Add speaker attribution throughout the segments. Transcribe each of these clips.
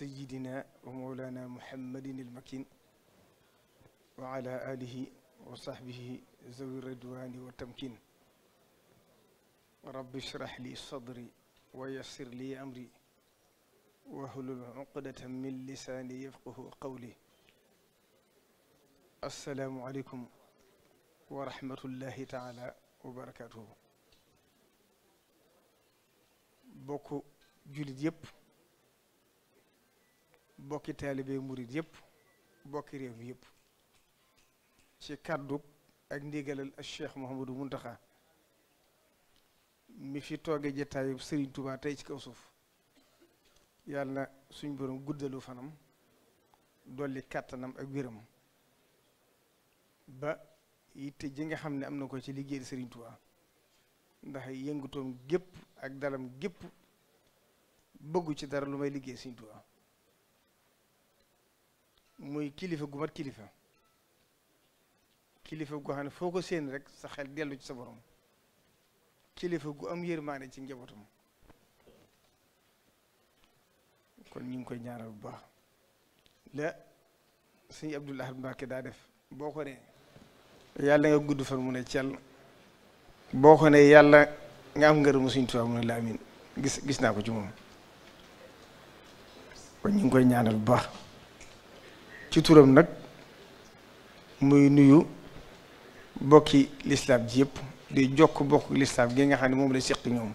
Speaker 1: sayidina wa mawlana muhammadin ilmakin wa ala alihi wa sahbihi zawi ridwani wa tamkin rabbi ishrah li sadri wa yassir li amri wahlul uqdatan min lisaani yafqahu qawli assalaamu aleykum wa rahmatullahi taala wa barakatuhu bokk jullit yépp bokki taalibe murit yëpp bokki réew mi yëpp ci kàddu ak ndigalal ak Cheikh Mouhamadou Mountakha mi fi tooge jataayub sëriñ tubaa tey ci kaw suuf yàlla na suñ borom guddalu fanam dolli kàttanam ak wéram ba yitte ji nga xam ne am na ko ci liggéey Serigne Touba ndax yëngutoom gépp ak dalam gépp bëggu ci dara lu may liggéey Serigne Touba muy kilifa gu mat kilifa kilifa goo xam ne foo ko séen rek sa xel dellu ci sa borom kilifa gu am yërmaane ci njabootam kon ñu ngi koy ñaanal bu baax la sëñ Abdul Ahad Mbàkke daa def boo ko ne yàlla nga gudd fan mu ne cel boo ko ne yàlla nga am ngërëmu Sëñ Tuubaa mu ne la amin gis gis naa ko ci moom kon ñu ngi koy ñaanal bu baax ci turam nag muy nuyu bokki lislaam ji yëpp di jokk bokk lislaam gi xam ne moom la seq ñoom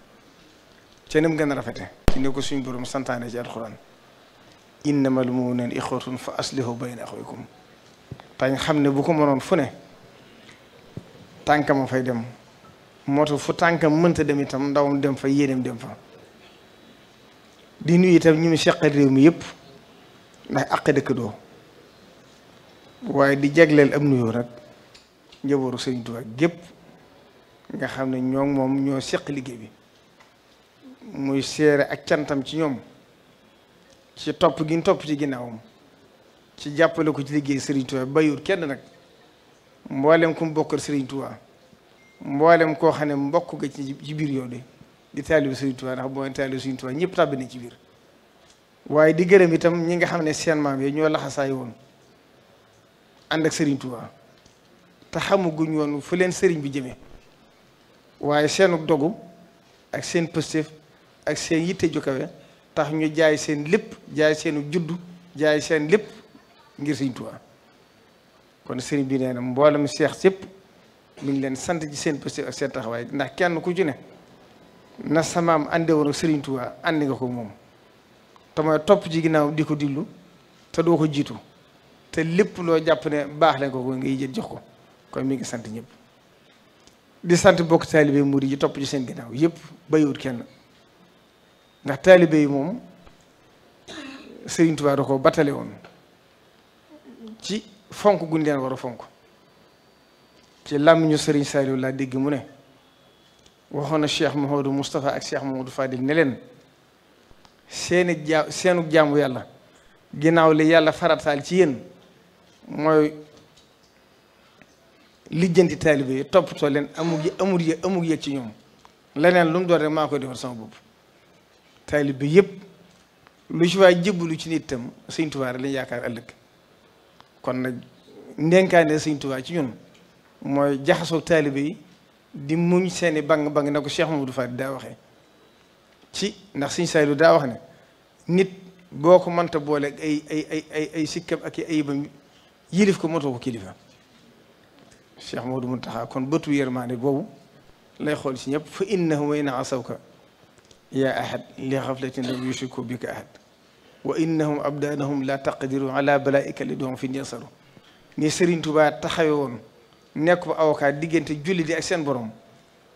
Speaker 1: te nam gën a rafete ci ne ko suñ borom santaane ci alxuraan innamal mu'minuuna ixwatun fa aslihu bayna axawaykum tañ xam ne bu ko mënoon fu ne tànkama fay dem moo tax fu tànkam mënta dem itam ndawam dem fa yéeneem dem fa di nuyu itam ñu mu seqal réew mi yëpp ndax àq dëkk doo waaye di jagleel am nuyoo nag njabootu Sëriñ gépp nga xam ne ñoom moom ñoo seq liggéey bi muy seere ak cantam ci ñoom ci topp gin topp ci ginnaawam ci jàppale ko ci liggéey Sëriñ Tuubaa bayur kenn nag mboolem ku mu bokkal Sëriñ Tuubaa mboolem koo xam ne mbokk ga ci biir yoon de di taalibu Sëriñ Tuubaa ndax boo taalibu Sëriñ Tuubaa ñëpp tàbbi na ci biir waaye di gërëm itam ñi nga xam ne seen maam yi ñoo laxasaay woon ànd ak Serigne Touba te xamaguñ woon fu leen Serigne bi jëmee waaye seenu dogu ak seen pëstéef ak seen yitte ju kawe tax ñu jaay seen lépp jaay seenu juddu jaay seen lépp ngir Serigne Touba kon Serigne bi nee na mboolem seex sépp mi leen sant ci seen pëstéef ak seen taxawaay ndax kenn ku ci ne na samaam ànde woon ak Serigne Touba àndi nga ko moom te mooy topp ci ginnaaw di ko dillu te doo ko jiitu. te lépp loo jàpp ne baax la ko ko ngay jël jox ko kon mi ngi sant ñëpp di sant bokk taalibe murid yi topp ci seen ginnaaw yëpp bayiwut kenn ndax taalibe yi moom Sëriñ Tuubaa da ko batale woon ci fonk guñ leen war fonk ci làmmiñu Sëriñ Saliou laa dégg mu ne waxoon na Cheikh Mouhamadou Moustapha ak Cheikh Mouhamadou Fadil ne leen seeni jaa jaamu yàlla ginnaaw li yàlla farataal ci yéen mooy lijjanti taalibe yi toppatoo leen amug yi amul amug yëg ci ñoom leneen lu mu doon rek maa koy defar sama bopp taalibe yëpp lu ci waa jébbalu ci nit itam sëñ Tuubaa lañ yaakaar ëllëg kon nag ndenkaane sëñ Tuubaa ci ñun mooy jaxasoo taalibe yi di muñ seeni bang-bang na ko Cheikh Mamadou di daa waxee ci ndax sëñ Saliou daa wax ne nit boo ko mënta boole ay ay ay ay ay sikkam ak ay ayibam yilif ko moto ko kilifa Cheikh Modou Mountakha kon bëtu yërmaande boobu lay xool ci ñëpp fa innahu wa in asawka yaa ahad li xaflatin lam yushriku bika ahad wa innahum abdanahum la taqdiru ala balaika li doom fi yasaru ni Serigne Touba taxawe woon nekk ba avocat diggante julli di ak seen borom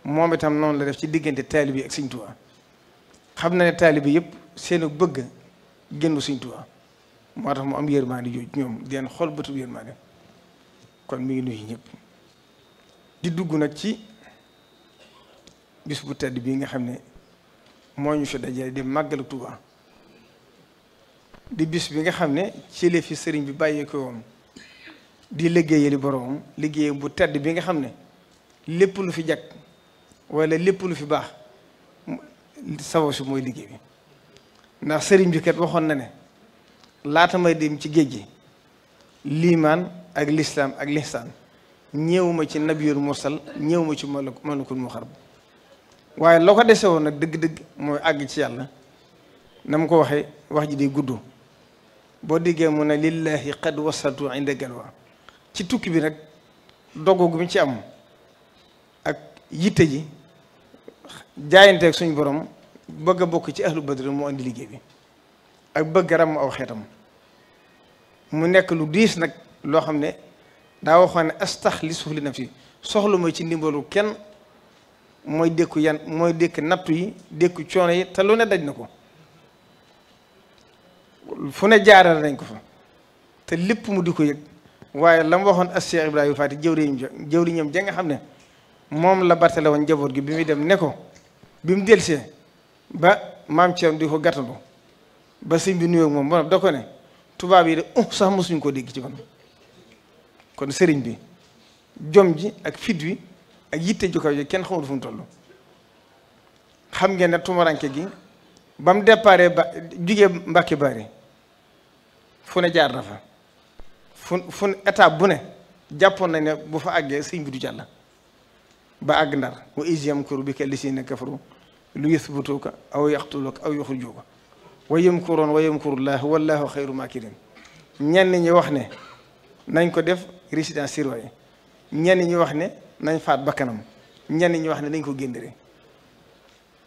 Speaker 1: moom itam noonu la def ci diggante taalibe yi ak Serigne Touba xam na ne taalibe yépp seen bëgg génnu Serigne Touba moo tax mu am yërmaande jooju ñoom di leen xool bëtu yërmaande kon mi ngi nuyu ñëpp di dugg nag ci bis bu tedd bii nga xam ne moo ñu fi dajale di màggalu Tuuba di bis bi nga xam ne ci fi sëriñ bi bàyyeekoo woon di liggéeyali boroom liggéeyam bu tedd bi nga xam ne lépp lu fi jag walla lépp lu fi baax sababu si mooy liggéey bi ndax sëriñ bi kat waxoon na ne. laata may dem ci géej gi liimaan ak lislaam ak lihsaan ñëwuma ci nabiyul mursal ñëwuma ci malakul muqarrab waaye loo ko dese woon nag dëgg-dëgg mooy àgg ci yàlla na mu ko waxee wax ji day gudd boo déggee mu ne lillahi qad wasaltu inda galwa ci tukki bi rek dogu gu ci am ak yitte ji jaayanteeg suñu borom bëgg a bokk ci ahlu badr moo andi liggéey bi ak bëgg ram aw xeetam mu nekk lu diis nag loo xam ne daa waxoon ne astax li na fi soxla mooy ci ndimbalu kenn mooy dékku yan mooy dékk nattu yi dékku coono yi te lu ne daj na ko fu ne jaaral nañ ko fa te lépp mu di ko yëg waaye la mu waxoon as Cheikh Ibrahima Faty jëwriñam jëwriñam ja nga xam ne moom la bartele woon njaboot gi bi muy dem ne ko bi mu delsee ba maam Thierno di ko gàttandu ba sëñ bi nuyoo moom ba da ko ne tubaab yi de uh sax mosuñu koo dégg ci kon sëriñ bi jom ji ak fit ak yitte ju kenn xamul fu toll xam ngeen ne tumaranke gi ba mu déparé ba jugee Mbàkke Bari fu ne jaar na fa fu fu ne étape bu ne jàppoon nañ ne bu fa àggee sëñ bi du jàll ba àgg ndar wa iz yamkuru bika llazina kafaru li yuthbituka aw yaqtuluka aw yukhrijuka wa yamkuroon wa yamkurullah wallahu xayru makirin ñenn ñi wax ne nañ ko def résidence surveillée ñenn ñi wax ne nañ faat bakkanam ñenn ñi wax ne nañ ko géndere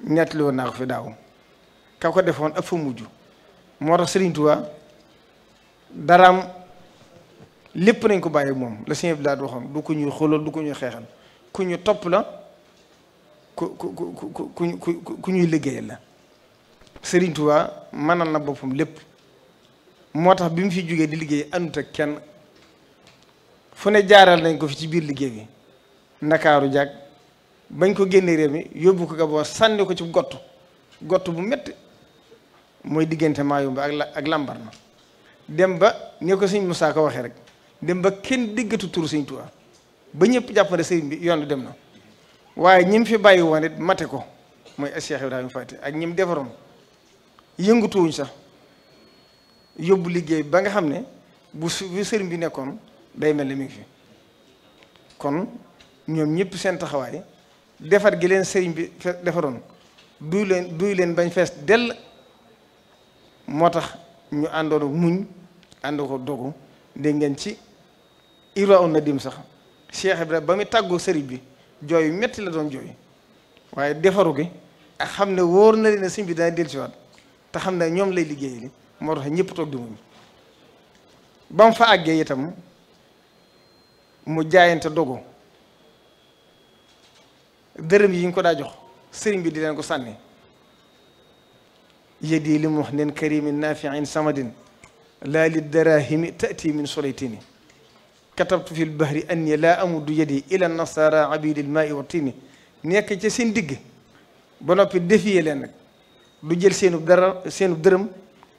Speaker 1: ñett loo naa ko fi daaw ka ko defoon ak fa mujj moo tax Sëriñ daraam lépp nañ ko bàyyi moom la sëñ bi daal di waxoon du ko ñuy xoolal du ko ñuy xeexal ku ñu topp la ku ku ku ku ku ñuy liggéeyal la Serigne Touba manal na boppam lépp moo tax bi mu fi jógee di liggéey àndut kenn fu ne jaaral nañ ko fi ci biir liggéey bi ndakaaru jàkk bañ ko génnee réew mi yóbbu ko Gabon sànni ko ci gott gott bu métti mooy diggante Mayumba ak ak Lambaréné dem ba ne ko sëñ Moussa ko waxee rek dem ba kenn déggatu turu sëñ Touba ba ñëpp jàpp ne sëriñ bi yoon dem na waaye ñi fi bàyyi woon mate ko mooy Cheikh Ibrahima Faty ak ñi mu yëngatuwuñ sax yóbbu liggéey ba nga xam ne bu su sëriñ bi nekkoon day mel ni mi ngi fi kon ñoom ñëpp seen taxawaay defar gi leen sëriñ bi defaroon duy leen duy leen bañ fees dell moo tax ñu àndoon ak muñ ànd ko dogu dégg ngeen ci Irwa na dim sax bi Ibrahima ba mu tàggoo sëriñ bi jooy metti la doon jooy waaye defaru gi ak xam ne wóor na leen ne sëriñ bi dana dellusiwaat te xam ne ñoom lay liggéeyal moo tax ñëpp toog di muñ ba fa àggee itam mu jaayante dogu dërëm yi ñu ko daa jox sëriñ bi di leen ko sànni yedii li mu wax neen karimin nafiin samadin laa li darahimi tati min solaytini katabtu fi lbahri anni laa amudu yedi ila nasara abidil maai wa tini nekk ca seen digg ba noppi defiyee leen du jël seenu dara seenu dërëm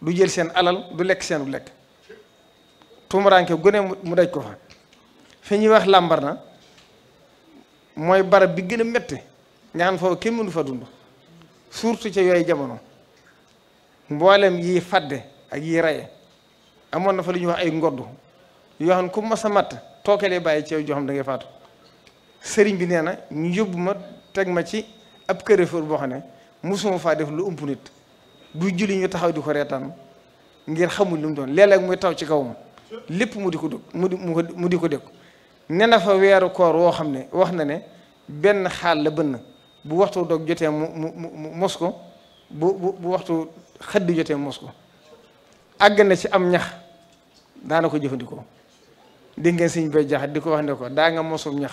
Speaker 1: du jël seen alal du lekk seenu lekk tumuraanke gone mu daj ko fa fi ñuy wax làmbar na mooy barab bi gën a métti nga xam foofu kenn mënu fa dund surtout ca yooyu jamono mboolem yi fadde ak yi raye amoon na fa lu ñuy wax ay ngodd yoo xam ku mas a matt tookelee bàyyi ceew joo xam da ngay faatu sëriñ bi nee na ñu yóbbu ma teg ma ci ab kërëfër boo xam ne mosuma faa def lu ëmp nit bu julli ñu taxaw di ko reetaan ngir xamul lum doon léeg muy taw ci kaw lépp mu di ko dëkk mu di mu di ko dëkk ne na fa weeru koor woo xam ne wax na ne benn xaal la bënn bu waxtu doog jotee mu mu mos ko bu bu waxtu xëdd jotee mos ko àgg na ci am ñax daana ko jëfandikoo dégg ngeen sëñ bay jaxat di ko wax ne ko daa nga mosum ñax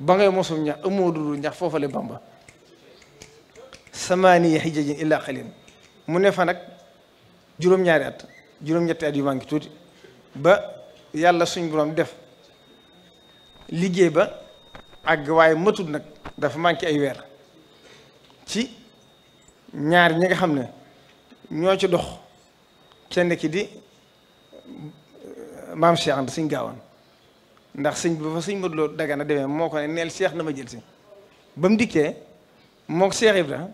Speaker 1: ba ngay mosum ñax amoo dul ñax foofu la bamba samaaniya xijajin illa qalil mu ne fa nag juróom-ñaari at juróom-ñetti at yu manqué tuuti ba yàlla suñ borom def liggéey ba àgg waaye matul nag dafa manqué ay weer ci ñaar ñi nga xam ne ñoo ci dox kenn ki di maam Cheikh Anta suñ gaawoon ndax sëñ bi fa sëñ Modou Lo Dagana demee moo ko ne neel Cheikh na ma jël si ba mu dikkee mook Cheikh Ibrahima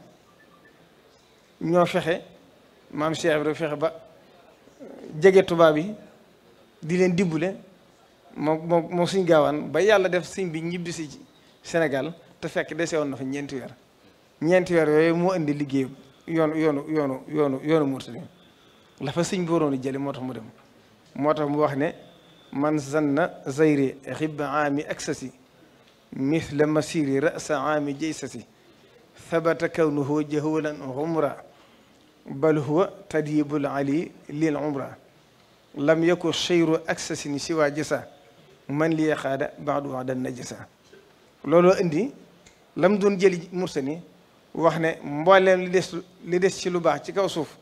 Speaker 1: ñoo fexe maam Cheikh Ibrahima fexe ba jege tubaab yi di leen dimbale moo moo moo suñ gaawaan ba yàlla def suñ bi ñibbi ci Sénégal te fekk desewoon na fa ñeenti weer ñeenti weer yooyu moo indi liggéey yoonu yoonu yoonu yoonu yoonu Mourtani lafa fa suñ bi moo tax mu dem moo tax mu wax ne man zanna zayri xibba aami aksasi mithla masiri rasa aami jaysasi thabata kawnuhu jahulan xumra bal huwa tadyibul ali lil umra lam yakun cheyru aksasin siwa jasa man li yaqaada baadu wax dan najasa looloo indi lam doon jëli mursani wax ne mbooleem li des li des ci lu baax ci kaw suuf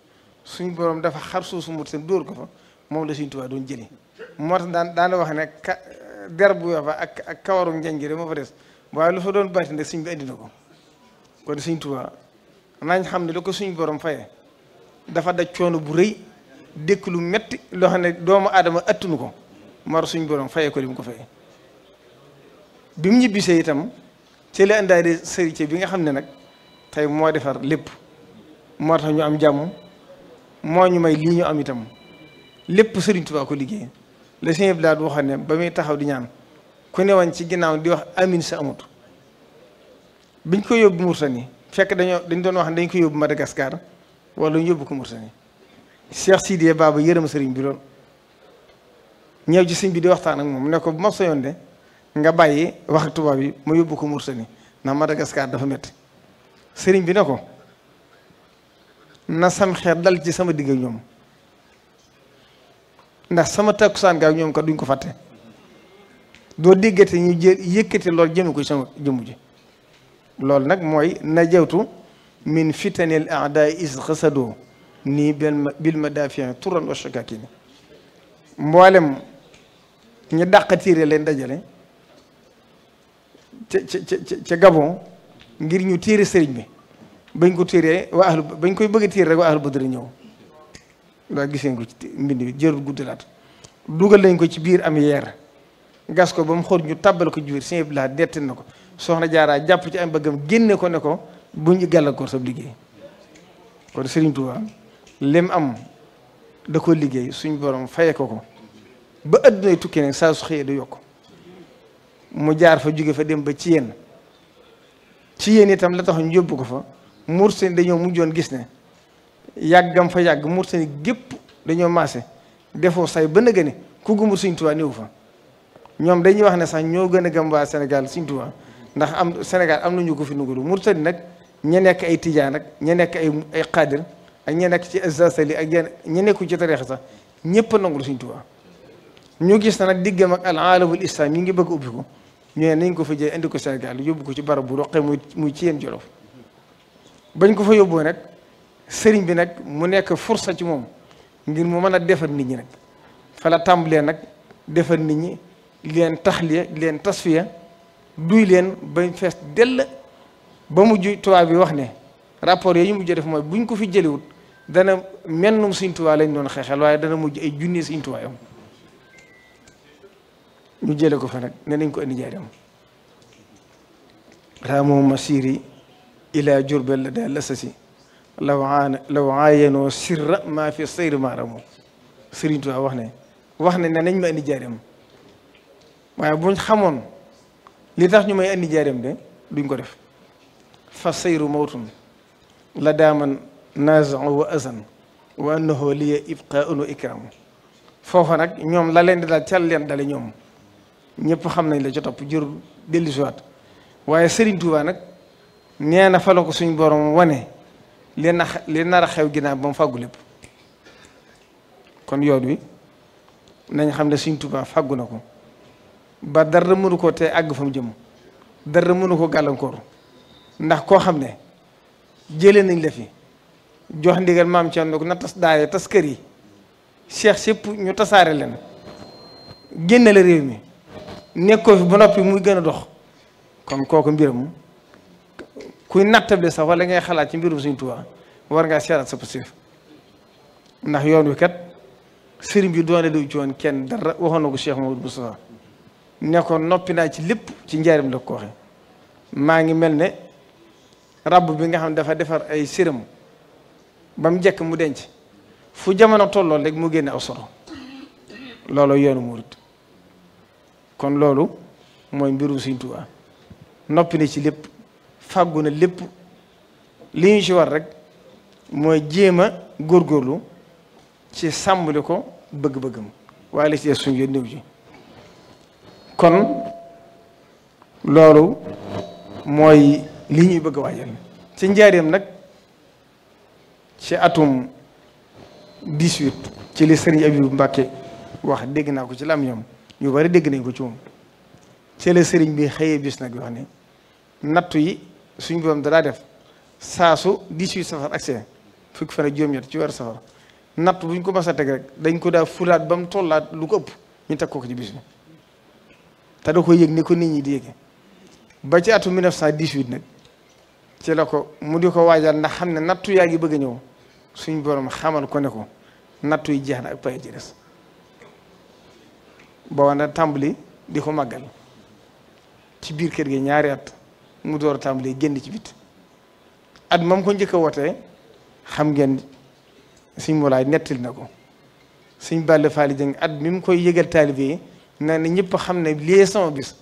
Speaker 1: suñ borom dafa xar suusu mursani dóor ko fa moom la suñ tubaa doon jëli moo tax daan daana wax ne ka der bu weex ak ak kawarum njañ gi moo fa des waaye lu fa doon baatin rek suñ bi indi na ko kon suñ tubaa nañ xam ne lu ko suñ borom fayee dafa daj coono bu rëy dëkk lu metti loo xam ne doomu aadama attunu ko mar suñ borom fayee ko li mu ko fayee bi mu ñibbisee itam ci la indaale sëriñ bi nga xam ne nag tey moo defar lépp moo tax ñu am jàmm moo ñu may lii ñu am itam lépp sëriñ Tuubaa ko liggéey la sëñ Abdoulaye waxoon ne ba muy taxaw di ñaan ku ne woon ci ginnaaw di wax amin sa amut biñ ko yóbbu Mauritanie fekk dañoo dañ doon wax ne dañ ko yóbbu Madagascar wala ñu yóbbu ko Mauritanie Cheikh Sidiya Baba yërëm sëriñ bi lool ñëw ci sëñ bi di waxtaan ak moom ne ko bu ma soyoon de nga bàyyi wax ak tubaab yi ma yóbbu ko Mauritanie ndax Madagascar dafa metti sëriñ bi ne ko na sam xeer dal ci sama digg ñoom ndax sama takkusaan ga ak ñoom kat duñ ko fàtte doo déggate ñu jël yëkkati lool jëme ko sama jëmm ji loolu nag mooy na jewtu min fitani al daa is xasado nii benn bil ma daafiyaan turan wa mboolem ñu dàq tiire leen dajale ca ca ca Gabon ngir ñu tiire sëriñ bi bañ ko tiiree waa ahlu bañ koy bëgg a tiire rek waa ahlu badri ñëw waa gis ngeen ko ci mbind jërul guddalaat dugal lañ ko ci biir am yeer gas ko ba mu xóot ñu tàbbal ko ci biir sëñ bi laa dettin na ko soxna jaaraa jàpp ci am bëggam génne ko ne ko bu ñu ko sab liggéey kon Serigne Touba lim am da ko liggéey suñ borom faye ko ko ba addunay tukki nag saa su xëyee du yokk mu jaar fa jóge fa dem ba ci yéen ci yéen itam la tax ñu yóbbu ko fa Mauritanie dañoo mujjoon gis ne yàggam fa yàgg Mauritanie gépp dañoo maase defoo say ba nëgë ne ku gëmul Serigne Touba néew fa ñoom dañuy wax ne sax ñoo gën a gëm waa Sénégal Serigne ndax am senegal am na ñu ko fi nuguru Mauritanie nag. ña nekk ay tijaan nag ña nekk ay ay xaadir ak ña nekk ci azasali ak ña nekku ci tariixa sax ñëpp a nangul Sëñ Tuubaa ñu gis na nag diggam ak al aalamul ñu ngi bëgg ubbi ko ñu ne nañ ko fa jëlee indi ko Sénégal yóbbu ko ci barab bu roqee muy muy ci yéen Jolof bañ ko fa yóbboo nag sëriñ bi nag mu nekk fursa ci moom ngir mu mën a defar nit ñi nag fa la tàmbalee nag defar nit ñi leen taxliya leen tasfiya duy leen bañ fees dell ba mujj tubaab bi wax ne rapport yooyu mujj def mooy buñ ko fi jëliwut dana mennum siñ Tuubaa lañ doon xeexal waaye dana mujj ay junni Sëñ Tuubaa yam ñu jële ko fa nag ne nañ ko indi jaaram raamoo masiri ila jurbel la daal lasasi law aan fi sayri maa ramoo wax ne wax ne ne nañ ma indi jaaram waaye buñ xamoon li tax ñu may indi jaaram de duñ ko def fa sayru mawtun la daaman naazau wa azan wa annahu liya ibqaun wa ikraamu foofa nag ñoom la leen di daal cal leen dale ñoom ñépp xam nañ la ca topp jur dellu siwaat waaye Serigne Touba nag nee na ko suñu borom wane li na li nar a xew ginnaaw ba mu fàggu lépp kon yoot wi nañ xam ne suñ Touba fàggu na ko ba dara mënu ko te àgg fa jëm dara mënu ko gàllankoor. ndax koo xam ne jële nañ la fi jox ndigal maam Thierno na tas daare tas kër yi cheikh sépp ñu tasaare leen génne la réew mi nekkoo fi ba noppi muy gën a dox kon kooku mbiram kuy nattable sax wala ngay xalaat ci mbirum Sëriñ Tuubaa war ngaa seeraat sa passif ndax yoon wi kat sëriñ bi doone du ci woon kenn dara waxoon na ko Cheikh Mamadou Moustapha ne ko noppi naa ci lépp ci njaarim la ko maa ngi mel ne ràbb bi nga xam ne dafa defar ay séram ba mu njëkk mu denc fu jamono tolloon rek mu génne aw soro loolu yoonu murit kon loolu mooy mbirum Sëriñ Tuubaa noppi na ci lépp fàggu na lépp li ñu ci war rek mooy jéema a góorgóorlu ci sàmmali ko bëgg-bëggam waaye la ci des yoon néew ji kon loolu mooy lii ñuy bëgg a waajal ci njaareem nag ci atum 18 ci li sëriñ Abibu Mbàkke wax dégg naa ko ci lam ñoom ñu bari dégg nañ ko ci moom ci la sëriñ bi xëyee bis nag wax ne nattu yi suñ borom da daa def saa su 18 safar accès fukki fan ak juróom-ñett ci weeru safar nattu bu ñu ko mas teg rek dañ ko daa fulaat ba mu tollaat lu ko ëpp ñu teg ko ci bis bi te ko yëg ne ko nit ñi di yëge ba ci atum 1918 nag. ci la ko mu di ko waajal ndax xam ne nattu yaa ngi bëgg a ñëw suñ borom xamal ko ne ko nattu yi jeex na ak pay ci des booba nag tàmbali di ko màggal ci biir kër gi ñaar at mu door a tàmbali génn ci bit at moom ko njëkk a wootee xam ngeen suñ mulaay nettil na ko suñ bàll faali jëng at mi mu koy yëgal taalibe na ne ñëpp xam ne lii sama bis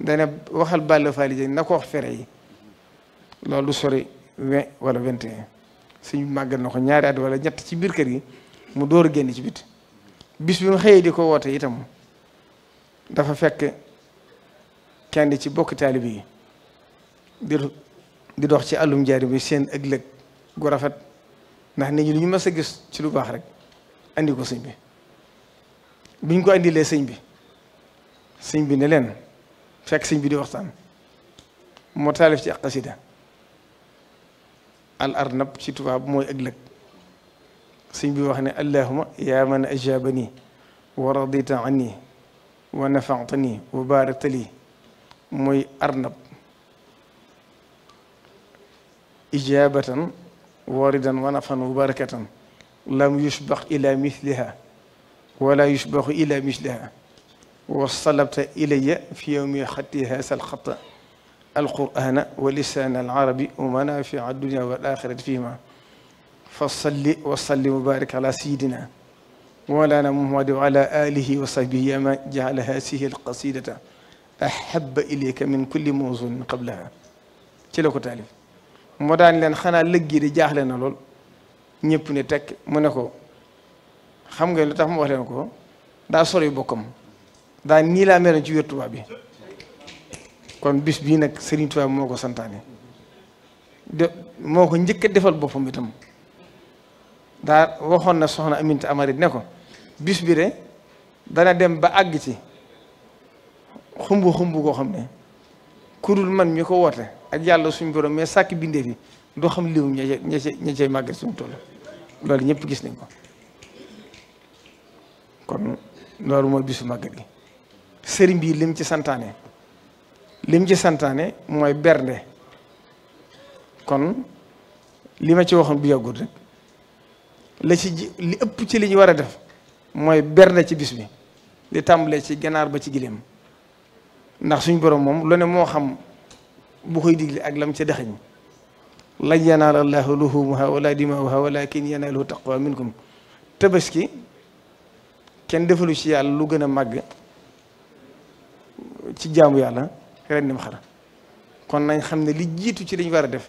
Speaker 1: dana waxal bàll faali jëng na ko wax fere yi loolu du sori we wala vingt et un suñu ko ñaari at wala ñett ci biir kër gi mu door a génn ci bit bis bi mu xëyee di ko woote itam dafa fekk kenn ci bokk taalibe yi di di dox ci àllum jaari bi seen ëglëg gu rafet ndax nit ñi lu ñu mës a gis ci lu baax rek andi ko sëñ bi biñ ko andilee sëñ bi sëñ bi ne leen fekk sëñ bi di waxtaan moo taalif ci ak xasida al arnab ci tubaab mooy ëllëg sëñ bi wax ne allahuma yaa man ajabani wa radita anni wa nafaatani wa barakta li mooy arnab ijabatan waridan wa nafan wa barakatan lam yushbax ila misliha wala yushbaxu ila misliha wa salabta ilaya fi yowmi xattiha sal xatta alqurana wa lisaan alarabi wa manafiaa dunia wal axirati fihima fa salli wa sallim wa barik ala sayidina mawlana muhammadi wa alihi wa sahbihi yama jaala hasihi alqasidata ahaba ilayka min kulli mawzunin qablaha ci la ko taalif moo daan leen xanaa lëggii di jaaxle na lool ñëpp ne tekk mu ko xam nga lu tax mu wax leen ko daa sori bokkam daa nii laa meloon ci wér tubaab kon bis bii nag Serigne Touba moo ko santaane de moo ko njëkk defal boppam itam daa waxoon na soxna Aminta Amari ne ko bis bi de dana dem ba àgg ci xumbu xumbu koo xam ne kudul man mi ko woote ak yàlla suñu borom mais sàkk bindee fi doo xam liwum ña ña ca ña suñu toll loolu ñëpp gis nañ ko kon loolu mooy bisu màggal gi sëriñ bi lim ci santaane. lim ci santaane mooy bernde kon li ma ci waxoon bu yàggul rek la ci li ëpp ci li ñu war a def mooy bernde ci bis bi li tàmbalee ci ganaar ba ci gileem ndax suñ borom moom lu ne moo xam bu koy digle ak lam ca dexañ lan yanaala llaahu luhuumuhaa wa laa dimaa'uhaa walaakin yanaaluhu taqwaa minkum tabaski kenn defalu ci yàlla lu gën a màgg ci jaamu yàlla ren ni mu xanaa kon nañ xam ne li jiitu ci li war a def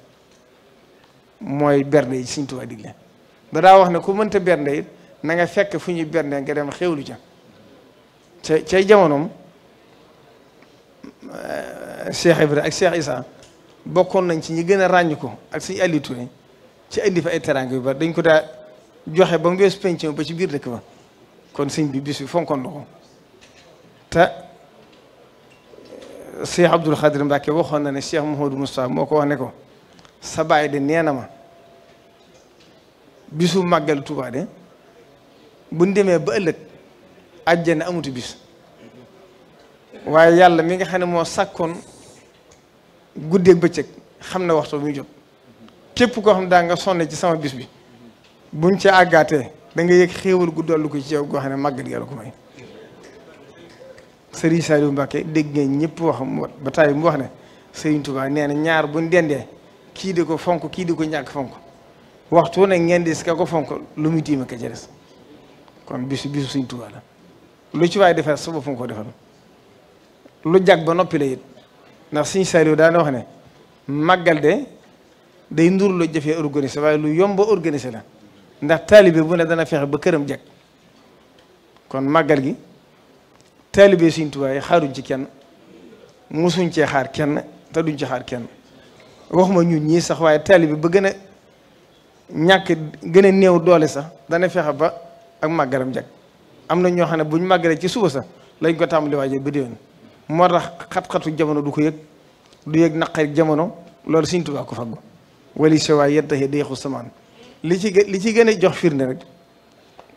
Speaker 1: mooy bernde yi Sëriñ Tuubaa digle da daa wax ne ku mënta bernde it na nga fekk fu ñuy bernde nga dem xewlu ja ca cay jamonoom euh, Cheikh Ibra ak Cheikh Issa bokkoon nañ ci ñi gën a ràññ ko ak Sëriñ Aliou ci indi fa ay teraanga yu bari dañ ko daa joxe ba mu wees penc ba ci biir dëkk ba kon sëñ bi bis bi fonkoon na ko te Cheikh Abdoul Khadir Mbacke waxoon na ne Cheikh Mouhamadou Moustapha moo ko wax ne ko sa baay de nee na ma bisu màggal Tuubaa de buñ demee ba ëllëg àjjana amutu bis waaye yàlla mi nga xam ne moo sàkkoon guddeeg bëccëg xam na waxtu bi muy jot képp koo xam daa nga sonne ci sama bis bi buñ ci àggaatee da nga yëg xéewal gu lu ko ci yow goo xam ne màggal yàlla ko may Serigne Saliou Mbacké dégg ngeen ñëpp wax ba tey mu wax ne Serigne Touba nee na ñaar buñ dendee kii di ko fonk kii di ko ñàkk fonk waxtu ne ngeen di ka ko fonk lu muy tiima ka ca des kon bisu bisu Serigne Touba la lu ci waay defal sa boppam koo lu jag ba noppi la it ndax Serigne Saliou daana wax ne màggal de day ndur lu jafee organiser waaye lu yomb organiser la ndax taalibe bu ne dana fexe ba këram jag kon màggal gi taalibe Sëriñ Tuubaa xaaruñ ci kenn mosuñ cee xaar kenn te duñ ci xaar kenn waxuma ñu ñii sax waaye taalibe ba gën a ñàkk gën a néew doole sax dana fexe ba ak màggaram jag am na ñoo xam ne buñ màggaree ci suba sax lañ ko tàmbali waajal ba déwén moo tax xat-xatu jamono du ko yëg du yëg naqari jamono loolu Sëriñ Tuubaa ko faggu wali si waay yettaxe deexu samaan li ci li ci gën a jox firnde rek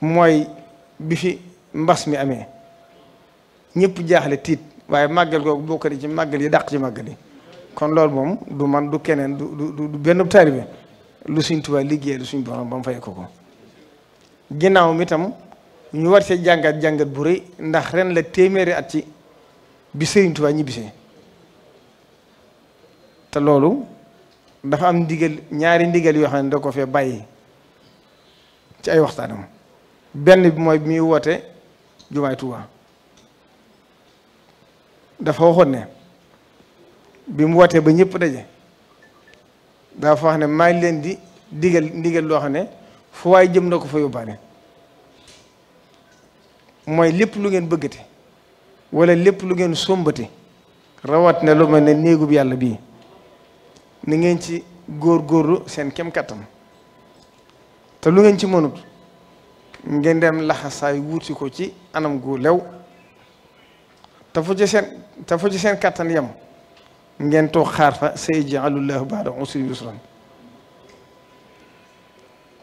Speaker 1: mooy bi fi mbas mi amee ñépp jaaxle tiit waaye màggal googu bokk na ci màggal yi dàq ci màggal yi kon loolu moom du man du keneen du du du benn taalibe lu suñ Tuubaa liggéey lu suñ borom ba mu fay ko ko ginnaaw mi tam ñu war see jàngat jàngat bu rëy ndax ren la téeméeri at ci bi Sëriñ Tuubaa ñibbisee te loolu dafa am ndigal ñaari ndigal yoo xam ne da ko fee bàyyi ci ay waxtaanam benn bi mooy bi woote jumaay Tuubaa dafa waxoon ne bi mu wootee ba ñëpp daje dafa wax ne maa ngi leen di digal ndigal loo xam ne fu waay jëm na ko fa yóbbaale mooy lépp lu ngeen bëggate walla lépp lu ngeen sombate rawat ne lu mel ne néegub yàlla bii ni ngeen ci góor góorlu seen kem kattan te lu ngeen ci mënut ngeen dem laxasaay wuuti ko ci anam gu lew te fu ci seen te fu ci seen kàttan yem ngeen toog xaar fa sayaj'alu llaahu ba'da usrin yusran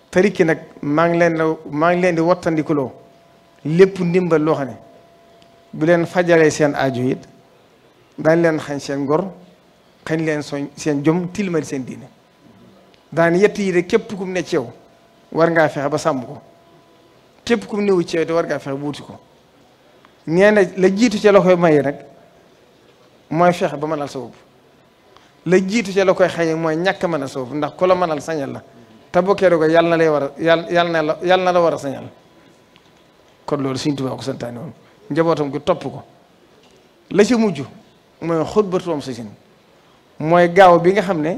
Speaker 1: tariki nag maa ngi leen maa ngi leen di wattandikuloo lépp ndimbal loo xam ne bu leen fajalee seen ajo yit daañ leen xañ seen ngor xañ leen soñ seen jom tilmal seen diine daan yett yi de képp kum ne ci war ngaa fexe ba sàmm ko képp kum newu ci yow te war ngaa fexe ba ko nee la jiitu ca la koy maye nag mooy fexe ba mënal sa bopp la jiitu ca la koy xaye mooy ñàkk a mën a sa bopp ndax ku la mënal sañal la te bokkee ko yàlla na lay war a yàlla yàlla la yàlla na war a sañal kon loolu Sëriñ ak ko santaane woon njabootam gi topp ko la ci mujj mooy xutbatuwam sa sin mooy gaaw bi nga xam ne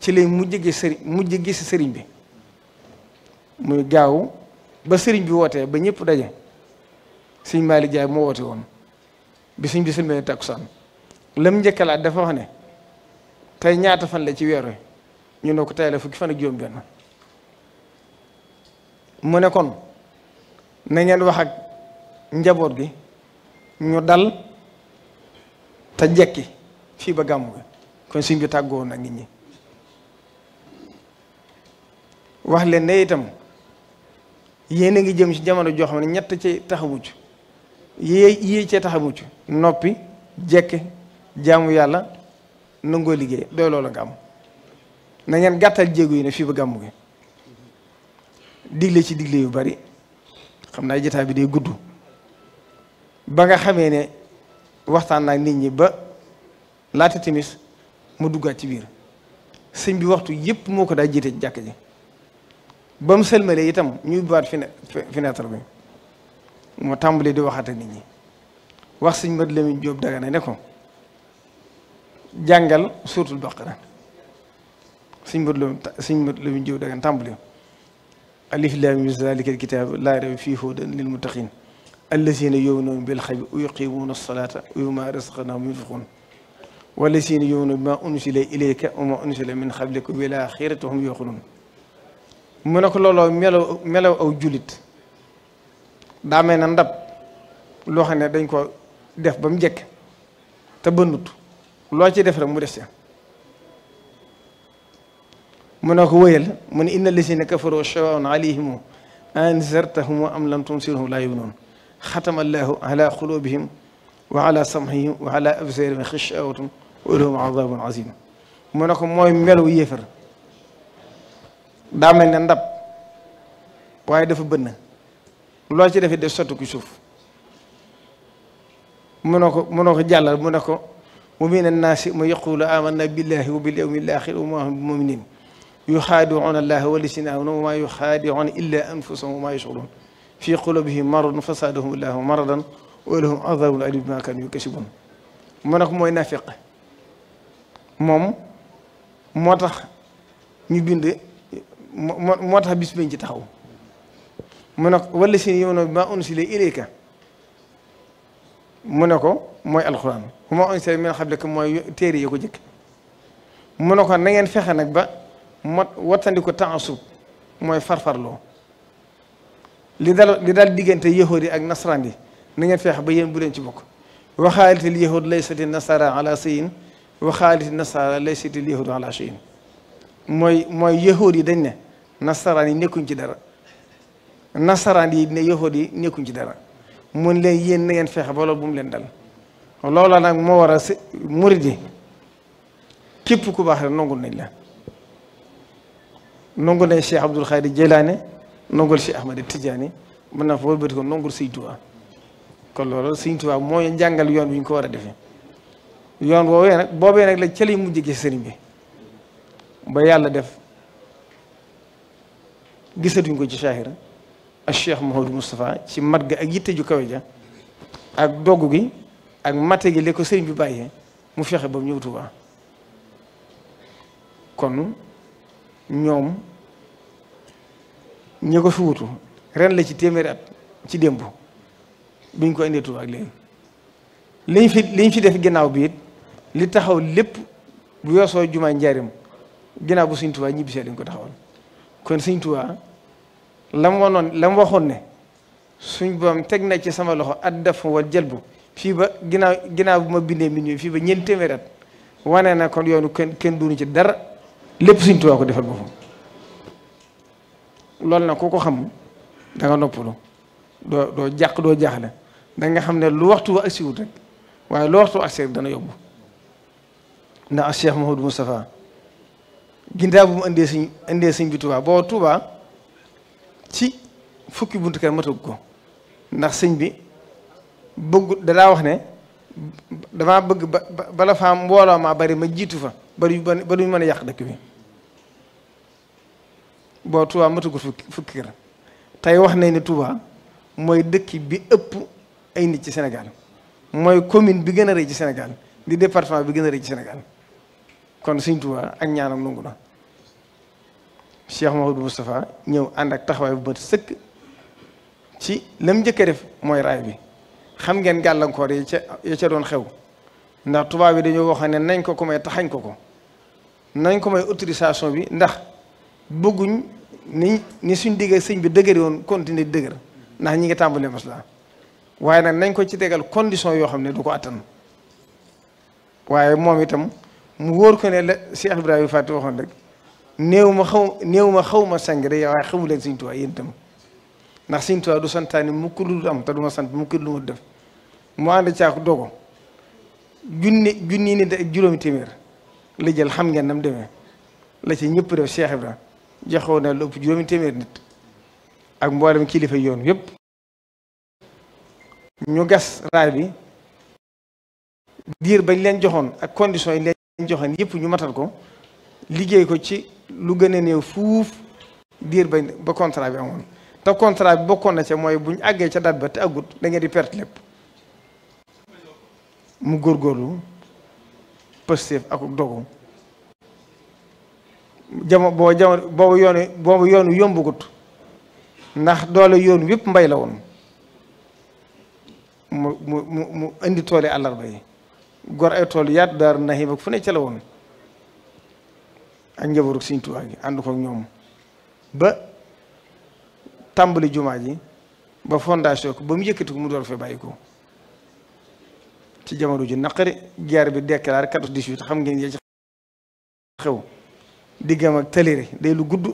Speaker 1: ci lay mujj gi sëriñ mujj gi sëriñ bi muy gaaw ba sëriñ bi wootee ba ñëpp daje sëñ Malick Jaay moo woote woon bi sëñ bi sëlmee takkusaan lam njëkkalaat dafa wax ne tey ñaata fan la ci weeru ñu ne ko tey la fukki fan ak juróom-benn mu ne kon na ngeen wax ak njaboot gi ñu dal te jekki fii ba gàmmu gi kon sëñ bi tàggoo na nit wax leen ne itam yéen a ngi jëm ci jamono joo xam ne ñett ci taxawuj yee yee cee tax mucc noppi jekke jaamu yàlla nangoo liggéey doy loola nga am na ngeen gàttal jéego yi ne fii ba gàmmu gi digle ci digle yu bari xam naa jotaay bi day gudd ba nga xamee ne waxtaan naa nit ñi ba laata timis mu duggaat ci biir sëñ bi waxtu yépp moo ko daa jiite ci jàkk ji ba mu sëlmalee itam ñuy baat fenêtre bi moo tàmbali di waxata nit ñi wax sëñ Madu Lamin Jóob Dagana ne ko jàngal suuratul baqara sëñ Madu Lamin sëñ Madu Lamin Jóob Dagana tàmbali alif laam miim zaalika al-kitaabu laa rayba fiihi hudan lil muttaqiin allazina yu'minuuna bil ghaybi wa yuqiimuuna as-salaata wa mimmaa razaqnaahum yunfiquun wallazina yu'minuuna bimaa unzila ilayka wa maa unzila min qablika wa bil aaxirati hum yuuqinuun mu ne ko looloo melaw melaw aw jullit daa mel ne ndab loo xam ne dañ ko def ba mu jekk te bënnut loo ci def rek mu def si mu ne ko wëyal mu ne inna na kafaru shawaan alayhim anzartahum am lam tunzirhum laa yu'minuun xatama allahu ala qulubihim wa ala sam'ihim wa ala absaarihim xishaawatun wa lahum azaabun aziim mu ne ko mooy melu yéefar daa mel ne ndab waaye dafa bënn loo ci defee def sotti ko suuf mënoo ko mënoo ko jàllal mu ne ko wa min annaasi man yaqulu amanna billahi wa bil yawmil axir wa ma hum bi muminin yuxaadicuuna allaha wa lisinahum wa ma yuxaadicuuna illa anfusahum wa ma yashcuruun fi qulubihim maradun fa zaadahum allahu maradan wa lahum adaabun aliim bimaa kaanu yakasibuun mu ne ko mooy nafiq moom moo tax ñu bind moo tax bis bañ ci taxaw mu walla ko wala si yow ma unsila ilayka mu mooy alxuraan bu ma unsila min xablika mooy téere yi ko jëkk mu ne ko na ngeen fexe nag ba mot wattandi ko taasub mooy farfarloo li dal li daal diggante yahood yi ak nasaraan yi na ngeen fexe ba yéen bu leen ci bokk waxaalitil yahud laysati nasara ala sayin waxaalitil nasara laysati yahudu ala sayin mooy mooy yahood yi dañ ne nasaraan yi nekkuñ ci dara nasaraan yi ne yahud yi nekkuñ ci dara mun leen yéen na ngeen fexe ba bu leen dal loola nag moo war a murid yi képp ku baax rek nañ la nongul nañ Cheikh Abdoul Khadir Jeylaane nongul Cheikh Ahmad Tidiane mën na fa wëlbati ko nongul Sëñ Tuubaa kon loolu Sëñ Tuubaa mooy njàngal yoon bi ñu ko war a defee yoon boobee nag la cëli mujj gi sëriñ bi ba yàlla def gisatuñ ko ci saahir a ak Cheikh Mouhamadou Moustapha ci mat ga ak yitte ju kawe ja ak dogg gi ak mate gi li ko sëriñ bi bàyyee mu fexe ba mu ñëw Tuubaa kon ñoom ñi ko fi wutu ren la ci téeméeri at ci démb biñ ko indee Tuubaa ak léegi liñ fi def ginnaaw bi it li taxaw lépp bu yoosoo jumaa njaarim ginnaaw bu Sëriñ Tuubaa ñibbisee lañ ko taxawal kon Sëriñ Tuubaa la mu waxoon ne suñ boom teg na ci sama loxo at def wal jëlbu fii ba ginnaaw ginnaaw bu ma bindee mi ñëw fii ba ñeenti téeméer wane na kon yoonu kenn kenn duñu ci dara lépp suñ Tuubaa ko defal boo loolu nag ku ko xam danga nga noppalu doo doo jàq doo jaaxle da nga xam ne lu waxtu wa agsiwut rek waaye lu waxtu ak rek dana yóbbu ndax Cheikh Mouhamadou Moustapha ginnaaw bu mu indee suñ indee suñ bi Tuubaa boo Tuubaa ci fukki buntu kër matag ko ndax sëñ bi bëgg dalaa wax ne damaa bëgg ba bala faa mbooloo maa bari ma jiitu fa ba duñ ba duñ mën a yàq dëkk bi boo Touba matagul fukki fukki kër tey wax nañ ne Touba mooy dëkk bi ëpp ay nit ci Sénégal mooy commune bi gën a rëy ci Sénégal di département bi gën a rëy ci Sénégal kon sëñ Touba ak ñaanam nangu na Cheikh Mouhamadou Moustapha ñëw ànd ak taxawaay bu bët sëkk ci lam njëkk a def mooy raay bi xam ngeen gàllankoor yi ca ya ca doon xew ndax tubaab yi dañoo wax ne nañ ko ko may taxañ ko ko nañ ko may autorisation bi ndax bëgguñ ni ni suñ digg sëñ bi dëgër woon continuer di dëgër ndax ñi ngi tàmbalee maslaa waaye nag nañ ko ci degal condition yoo xam ne du ko attan waaye moom itam mu wóor ko ne la Cheikh Ibrahima Faty waxoon rek. néew ma xaw néew ma xaw ma sang de waaye xamu leen Sëñ Tuubaa ndax Sëñ Tuubaa du santaani mukk lu am te du sant mukk lu ma def mu ànd caaku dogo junni junni nit ak juróomi téeméer la xam ngeen nam demee la ci ñëpp def Cheikh mboolem kilifa yoon yëpp ñu gas raay bi diir bañ leen joxoon ak condition yi leen joxoon yëpp ñu matal ko liggéey ko ci lu gën a néew fuuf diir ba ba contrat bi amoon te contrat bi bokkoon na ca mooy bu ñu àggee ca date ba te àggut da di perte lépp mu góorgóorlu Pastef ak dogu jamono boo boobu yoonu boobu yoonu yombagut ndax doole yoonu wépp mbay la woon mu mu mu indi toole yi àllarba yi gor ay tool yaat daar naxi ba fu ne ca woon ak njabootu Sëriñ Tuubaa gi ànd ñoom ba tàmbali jumaa ji ba fondation ko ba mu yëkkati ko mu door fee bàyyi ko ci jamono ji naqari guerre bi déclaré 14 18 xam ngeen ya ci xew diggam ak taléré day lu gudd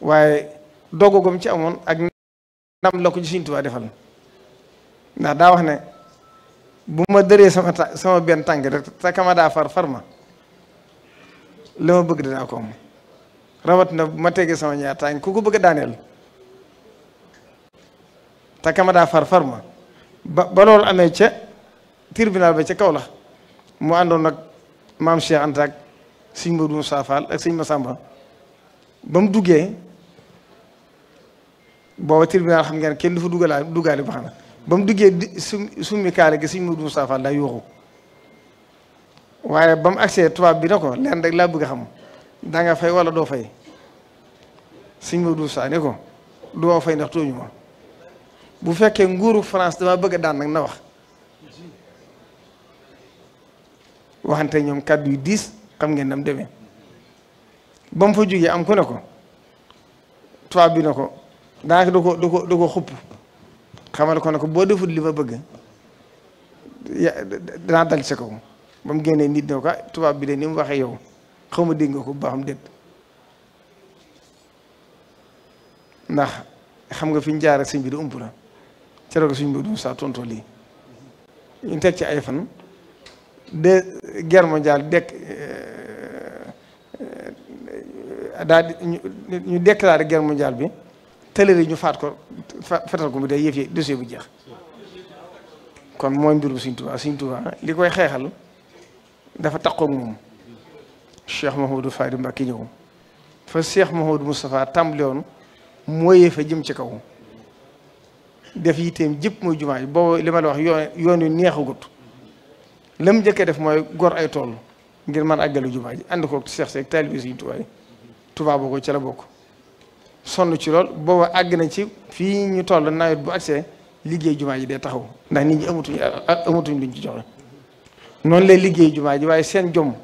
Speaker 1: waaye doggogom ci amoon ak ndam la ko ci defal ndax daa wax ne bu ma dëree sama ta sama benn tànk rek te kama daa far far ma li bëgg dinaa ko am na ma tege sama ñaar tànk ku ko bëgg a daaneel kama daa far far ma ba ba loolu amee ca tribunal ba ca kaw la mu àndoon nag maam Cheikh Anta ak sëñ Modou Moussa Fall ak sëñ Massamba ba mu duggee booba tribunal xam ngeen kenn du fa dugalaat dugaale ba xam ba mu duggee di summi kaale gi sëñ Modou Moussa Fall daa yuuxu waaye ba mu agsee tubaab bi ne ko leen laa bëgg xam da nga fay wala doo fay sëñ Modou du ne ko doo fay ndax tooñu ma bu fekkee nguuru France dama bëgg a daan nag na wax waxante ñoom kàddu yu diis xam ngeen nam deme ba mu fa jógee am ku ne ko tubaab bi ne ko da ko da ko da ko xupp ko ne ko boo deful li ma bëgg ya danaa dal sa ba mu génnee nit ne ko tubaab bi de ni mu waxee yow xaw ma dégg nga ko bu baax am ndax xam nga fi ñu jaar ak sëñ bi da ump la ca ko suñ mbir saa tontoo lii. ñu teg ci ay fan de guerre mondiale euh, euh, ñu ñu déclaré guerre mondiale bi tëlëri ñu faat ko fetal ko mu dee yëf yi dossier bu jeex kon mooy mbirum Sëñ Tuubaa Sëñ Tuubaa li koy xeexal. dafa taqoog moom Cheikh Mahoudou Fadi Mbacke ñëw fa Cheikh Mahoudou Moustapha tàmbale woon mooyee fa jëm ci kaw def yitteem jëpp muy jumaa yi boobu li la wax yoon yoon yu neexagut la mu njëkkee def mooy gor ay tool ngir man àggalu jumaa ji ànd koog Cheikh Seck taalibe Sëriñ Tuubaa yi Tuubaa boo ko ci la bokk sonn ci lool booba àgg na ci fii ñu toll nawet bu agsee liggéey jumaa ji day taxaw ndax nit ñi amatuñ amatuñ luñ ci joxe noonu lay liggéey jumaa ji waaye seen jom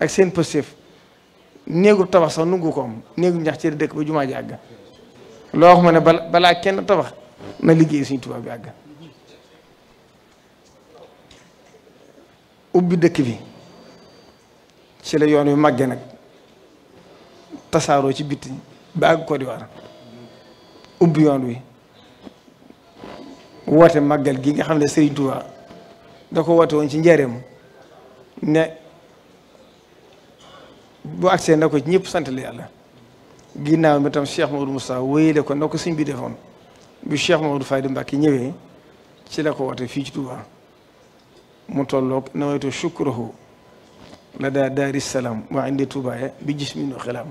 Speaker 1: ak seen pëstéef néegu tabax sax nungu ko am néegu ñax ci dëkk ba jumaa ji àgg loo wax ma ne bala kenn tabax na liggéey suñu tubaab bi àgg ubbi dëkk bi ci la yoon wi màgge nag tasaaroo ci bitti ba àgg ko di war ubbi yoon wi woote màggal gi nga xam ne Serigne Touba da ko woote woon ci njaareem ne bu agsee na ko ñëpp sant la yàlla ginnaaw mi tam Cheikh Maodo Moussa wéyale ko na ko sëñ bi defoon bi Cheikh Maodo Fadi Mbacke ñëwee ci la ko woote fii ci Touba mu tolloog nawaytu shukrahu la daa daari salaam wa indi Touba bi jismin wa xilaam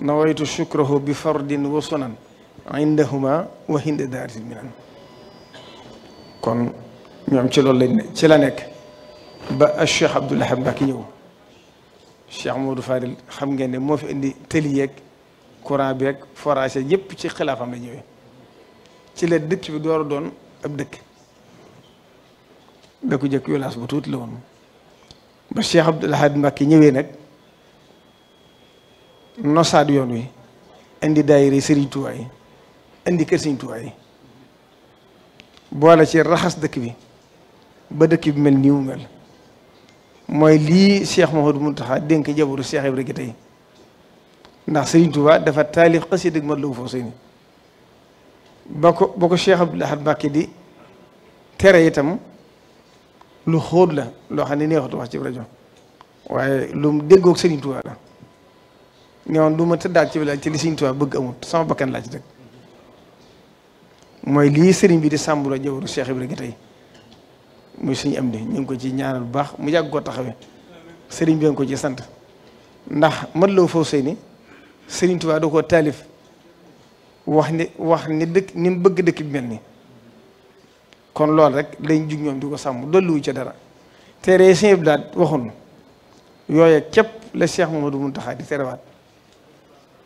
Speaker 1: nawaytu shukrahu bi fardin wa sunan wa hinda daari minan kon ñoom ci loolu lañ ne ci la nekk ba Cheikh Abdoul Ahad Mbacké ñëw Cheikh Modou Fadil xam ngeen ne moo fi indi tëli yeeg courant beeg forage yëpp ci xilaafam la ñëwee ci la dëkk bi door a doon ab dëkk dëkku jëkk yolaas bu tuuti la woon ba Cheikh Abdoul Ahad Mbacké ñëwee nag nosaat yoon wi indi daayira Serigne Touba yi indi kër Serigne Touba yi boole ci raxas dëkk bi ba dëkk bi mel nii mel. mooy lii Cheikh Mouhamadou Mountakha dénk jabaru Cheikh Ibra gi tey ndax Serigne Touba dafa taalif xasida ak Matlabul Fawzayni ba ko ba ko Cheikh Abdoul Ahad Mbacké di itam lu xóot la loo xam ne neexatu wax ci rajo waaye lu mu déggoog Serigne Touba la ñooñu lu ma daal ci village ci li Serigne Touba bëgg amul sama bakkan laa ci dëkk mooy lii Serigne bi di sàmbula jabaru Cheikh Ibra gi tey. muy suñu am di ñu ngi ko ci ñaanal bu baax mu yàgg koo taxawee sëriñ bi nga ko ci sant ndax man loo foofu sëy ni sëriñ Tuubaa da koo taalif wax ni wax ni dëkk ni bëgg dëkk bi mel ni kon loolu rek lañ jug ñoom di ko sàmm dolliwu ci dara teere sëñ bi daal waxun yooye képp la Cheikh Mamadou taxaat di terewaat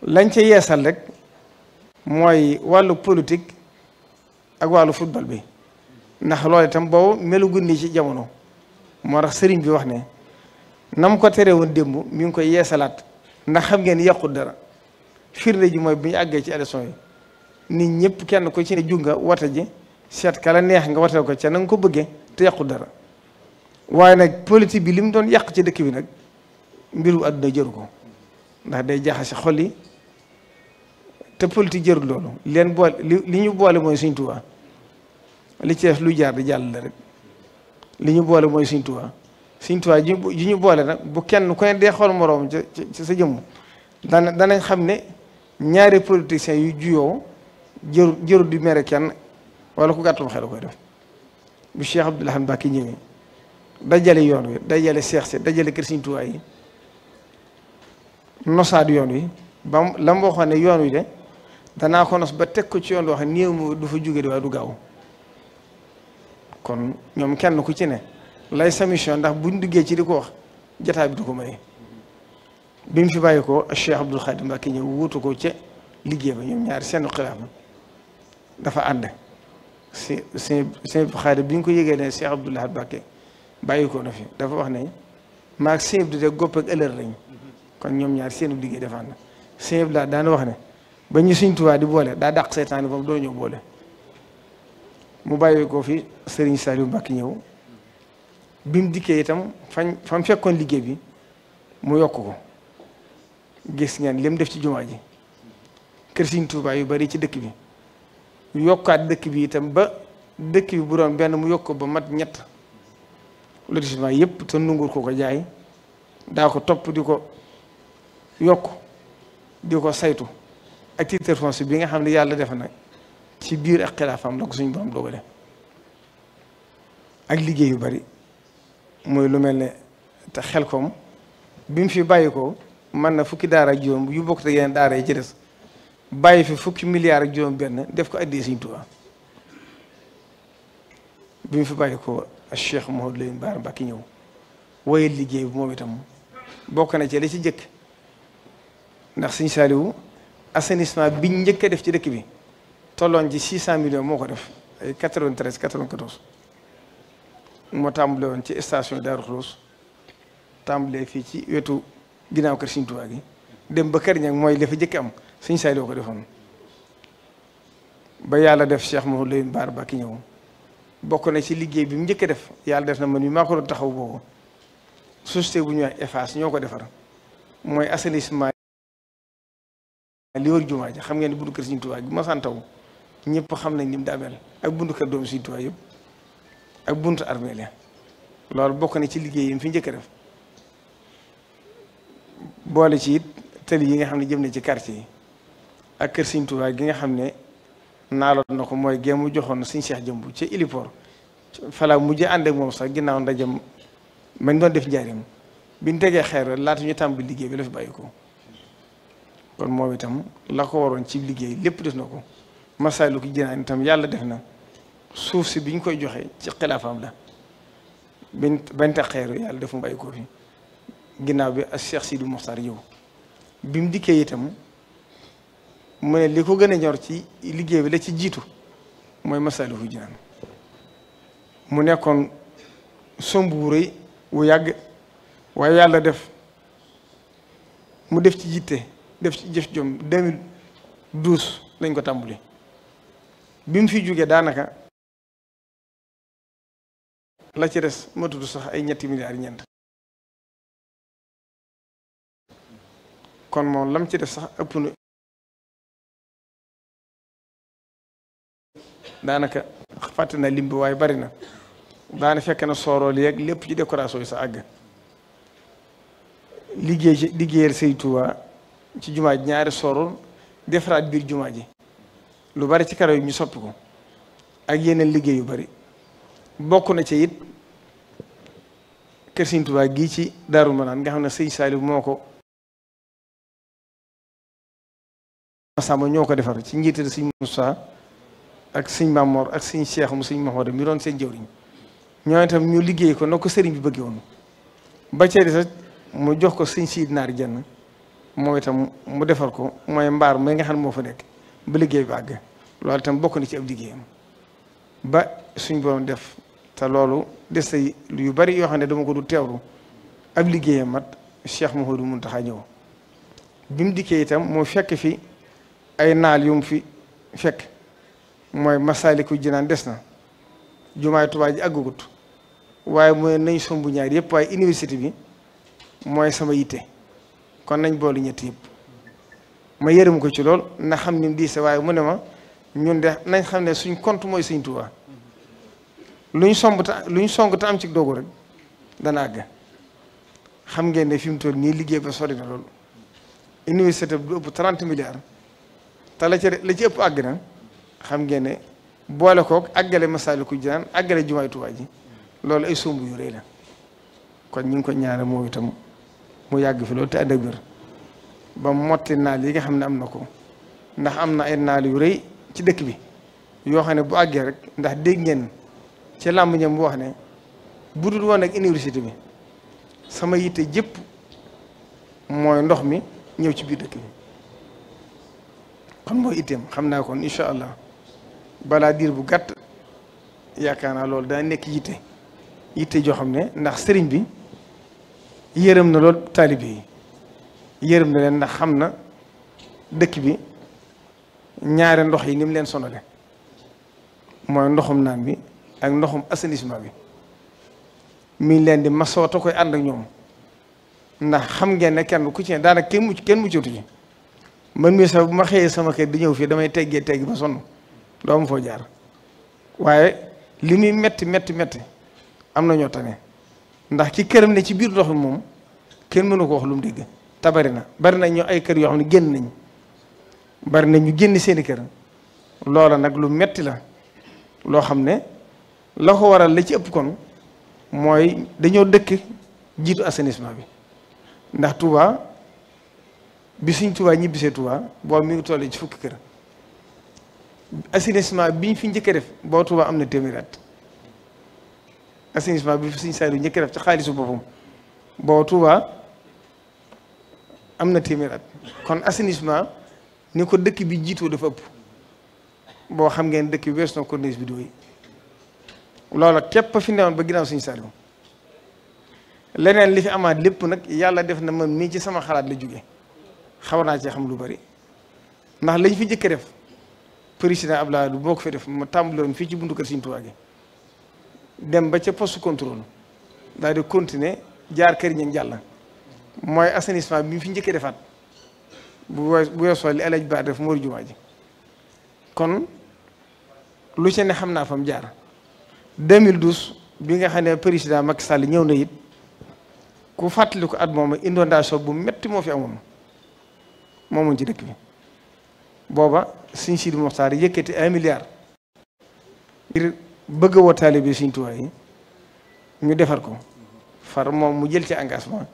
Speaker 1: lañ ci yeesal rek mooy wàllu politik ak wàllu football bi ndax loolu itam boobu melu gunni ci jamono moo rax sëriñ bi wax ne na mu ko teree woon démb mi ngi koy yeesalaat ndax xam ngeen yàqut dara firnde ji mooy bu ñu àggee ci élection yi nit ñëpp kenn ko ci ne jug nga wata ji seet kala neex nga watee ko ca na nga ko bëggee te yàqut dara waaye nag politique bi li mu doon yàq ci dëkk bi nag mbiru àdduna jëru ko ndax day jaxase xol yi te politique jërul loolu leen boole li ñu boole mooy Sëriñ Tuubaa li ci def lu jaar di jàll la rek li ñu boole mooy Sëñ Tuubaa Sëñ Tuubaa ji ñu boole nag bu kenn ku ne dee xool moroom ca ca sa jëmm dana danañ xam ne ñaari politiciens yu juyoo jëru jëru di mere kenn wala ku gàttum xel koy def bu Cheikh Abdoul Ahad Mbacké ñëwee dajale yoon wi dajale seex si dajale kër Sëñ Tuubaa yi nosaat yoon wi ba la mu waxoon ne yoon wi de danaa ko nos ba teg ko ci yoon wax néew du fa jóge di waaye du gaaw kon ñoom kenn ku ci ne lay sa ndax buñ duggee ci di ko wax jataay du ko may bi mu fi bàyyi ko Cheikh Abdoul Khadim Mbacké ñëw wuutu ko ca liggéey ba ñoom ñaar seenu xilaafa dafa ànd si si bi ñu ko yëgee ne Cheikh Abdoul Ahad Mbacké bàyyi na fi dafa wax ne maag sëñ bi de gopp ak kon ñoom ñaar seen liggéey defaan na sëñ bi daal daana wax ne ba ñu Sëñ Tuubaa di boole daa dàq seytaane boobu doo ñëw boole mu bàyyi ko fi Serigne yu Mbacké ñëw bi mu dikkee itam fañ fañ fekkoon liggéey bi mu yokk ko gis ngeen li mu def ci jumaa ji kër Serigne Touba yu bari ci dëkk bi yokkaat dëkk bi itam ba dëkk bi bu benn mu yokk ko ba mat ñett lotissement yëpp te nungur ko ko jaay daa ko topp di ko yokk di ko saytu ak titre foncier bi nga xam ne yàlla def na ci biir ak xilaafaam la ko suñu borom dogale ak liggéey yu bari mooy lu mel ne te xel koom bi mu fi bàyyi ko man na fukki daara ak juróom yu bokk te yeneen daara yi ci des bàyyi fi fukki milliards ak juróom benn def ko addi Sëriñ Tuubaa bi mu fi bàyyi ko Cheikh Mouhamadou Lamine Bara Mbacké ñëw woyal liggéey bi moom itam bokk na ci la ci jëkk ndax Sëriñ Saaliwu assainissement bi njëkk a def ci dëkk bi tolloon ji 600 millions moo ko def ay 93 94 moo tàmbale woon ci station Darou Khoudoss tàmbalee fii ci wetu ginnaaw kër Sëriñ Tuubaa gi dem ba kër ñag mooy la fa jëkk am Sëriñ Saliou ko defoon ba yàlla def Cheikh Mouhamadou Lamine Bara Mbacké ñëw bokk na ci liggéey bi mu njëkk a def yàlla def na man mi maa ko doon taxaw boobu société bu ñuy wax EFAS ñoo ko defar mooy assainissement li wër ja xam ngeen ne budu kër Sëriñ Tuubaa gi ñépp xam nañ nim mu daa ak buntu kër doomu Sëriñ Tuubaa yëpp ak buntu armeel ya loolu bokk na ci liggéey yi fi njëkk a def boole ci it tëli yi nga xam ne jëm na ci quartier yi ak kër Sëriñ Tuubaa gi nga xam ne naaloon na ko mooy géemu joxoon Sëriñ Seex Jëmbu ci héliport fala mujje ànd ak moom sax ginnaaw ndajem mañ doon def njaarim biñ tegee xeer laata ñu tàmbali liggéey bi la fi bàyyi ko kon moom itam la ko waroon ci liggéey lépp def na ko Masaalikul Jinaan itam yàlla def na suuf si biñ koy joxe ci xilaafam la bañ bañ tax xeeru yàlla def mu bàyyi fi ginnaaw bi ak Cheikh Sidi Moxtar yow bi mu li ko gën a ñor ci liggéey bi la ci jiitu mooy Masaalikul Jinaan mu nekkoon somb wu rëy wu yàgg waaye yàlla def mu def ci jiite def ci jëf jom 2012 lañ ko tàmbali bi mu fi jógee daanaka la ci des ma tudd sax ay ñetti milliards yi ñeent kon moom lam ci des sax ëpp na daanaka fàtte na lim waaye bari na daana fekk na soorool yeeg lépp ci décoration yi sa àgg liggéey liggéeyal Sëñ Tuubaa ci jumaa ji ñaari soorool defaraat biir jumaa ji lu bari ci karaw yi ñu sopp ko ak yeneen liggéey yu bari bokk na ci it kër Sëñ Tuubaa gii ci Daaru Manaan nga xam ne sëñ Saliou moo ko Masamba ñoo ko defar ci njiital sëñ Moussa ak siñ mamoor ak siñ Cheikh mu sëñ Mahooda mi doon seen jëwriñ ñoo itam ñu liggéey ko na ko sëriñ bi bëggee woon ba cee sax mu jox ko sëñ siit naar jenn moo itam mu defar ko mooy mbaar mi nga xam ne moo fa nekk bu liggéey bi àgg loolu itam bokk na ci ab liggéeyam ba suñ borom def te loolu des na yu bari yoo xam ne dama ko du teewlu ab liggéeyam mat Cheikh Mouhamadou Mountakha ñëw bi mu dikkee itam moo fekk fi ay naal yu mu fi fekk mooy Masaalikul Jinaan des na jumaay Tuubaa ji àggagut waaye mooy nañ somb ñaar yëpp waaye université bi mooy sama yitte kon nañ boolu ñett yëpp ma yërëm ko ci lool na xam ni mu diise waaye mu ne ma ñun de nañ xam ne suñ compte mooy Sëñ Tuubaa luñ somb ta luñ song ta am ci doogu rek dana àgg xam ngeen ne fi mu toll nii liggéey ba sori na loolu université bi du ëpp 30 milliards te la ci ëpp àgg na xam ngeen ne boole kook àggale Masaalikul Jinaan àggale jumaay Tuubaa ji loolu ay somb yu rëy la kon ñu ngi ko ñaare moo itam mu yàgg fi loolu te ànd ak wér ba motti naal yi nga xam ne am na ko ndax am na ay naal yu rëy ci dëkk bi yoo xam ne bu àggee rek ndax dégg ngeen ci làmb ñam bu wax ne bu dul woon ak université bi sama yitte jëpp mooy ndox mi ñëw ci biir dëkk bi kon mooy itteem xam naa kon incha allah balaa diir bu gàtt yaakaar naa loolu daa nekk yitte yitte joo xam ne ndax sëriñ bi yërëm na lool taalibe yi yërëm na leen ndax xam na dëkk bi ñaari ndox yi ni mu leen sonale mooy ndoxum naan bi ak ndoxum assainissement bi mi leen di masoo te koy ànd ak ñoom ndax xam ngeen ne kenn ku ci ne daanaka kenn mucc kenn muccatu ci man mii sax bu ma xëyee sama kër di ñëw fii damay teggee tegg ba sonn doomu am foo jaar waaye li muy metti metti metti am na ñoo tane ndax ci këram ne ci biir ndox mi moom kenn mënu ko wax lu tabari na bari na ñoo ay kër yoo xam ne génn nañ bari na ñu génn seeni kër loola nag lu metti la loo xam ne la ko waral la ci ëpp kon mooy dañoo dëkk jiitu assainissement bi ndax Touba bi suñ Touba ñibbisee Touba boobu mi ngi toll ci fukki kër assainissement biñ fi njëkk def boo am na téeméeri at bi fi suñ Saliou njëkk a def ci xaalisu boppam boo Touba am na téeméeri at kon assainissement. ni ko dëkk bi jiitoo dafa ëpp boo xam ngeen dëkk bi wees na bi di wéy loola képp fi newoon ba ginnaaw suñu Saliou leneen li fi amaat lépp nag yàlla def na man mii ci sama xalaat la jóge xaw naa ci xam lu bari ndax lañ fi jëkk def ab président Abdoulaye boo ko fi def ma tàmbaloon fii ci buntu kër Sëriñ Tuubaa gi dem ba ca post contrôle daal di continuer jaar kër ñeeg jàll mooy assainissement bi fi njëkkee defaat bu bu weesoo li alaj baax def mooy jumaa ji kon lu ci ne xam naa fa mu jaar 2012 bi nga xam ne président Macky Sall ñëw na it ku fàttali ko at moom inondation bu metti moo fi amoon moomuñ ci dëkk bi booba Sëñ Sidi Moxtaar yëkkati un milliard ngir bëgg woo taalibe Sëñ Tuubaa yi ñu defar ko far moom mu jël ci engagement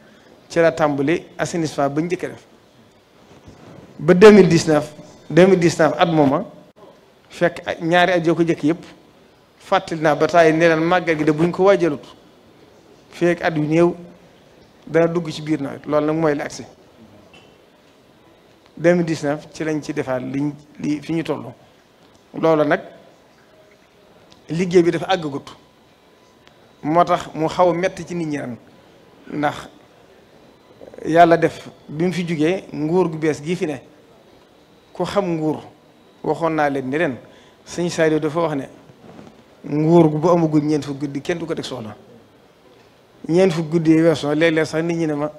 Speaker 1: ci la tàmbali assainissement ba njëkk a def ba 2019 2019 at mooma fekk ñaari at yoo ko jëkk yëpp fàttali naa ba taay ne leen màggal gi de buñ ko waajalut fekk at yu néew dana dugg ci biir nawet loolu nag mooy la agsi 2019 ci lañ ci defaat li li fi ñu toll loolu nag liggéey bi dafa àggagut moo tax mu xaw a metti ci nit ñi ren ndax yàlla def bi mu fi jugee nguur gu bees gii fi ne ko xam nguur waxoon naa leen ni ren sëñ Sadio dafa wax ne nguur gu bu amagul ñeent fu guddi kenn du ko teg soxla ñeent fu guddi yi weesoo léeg-léeg sax nit ñi ne ma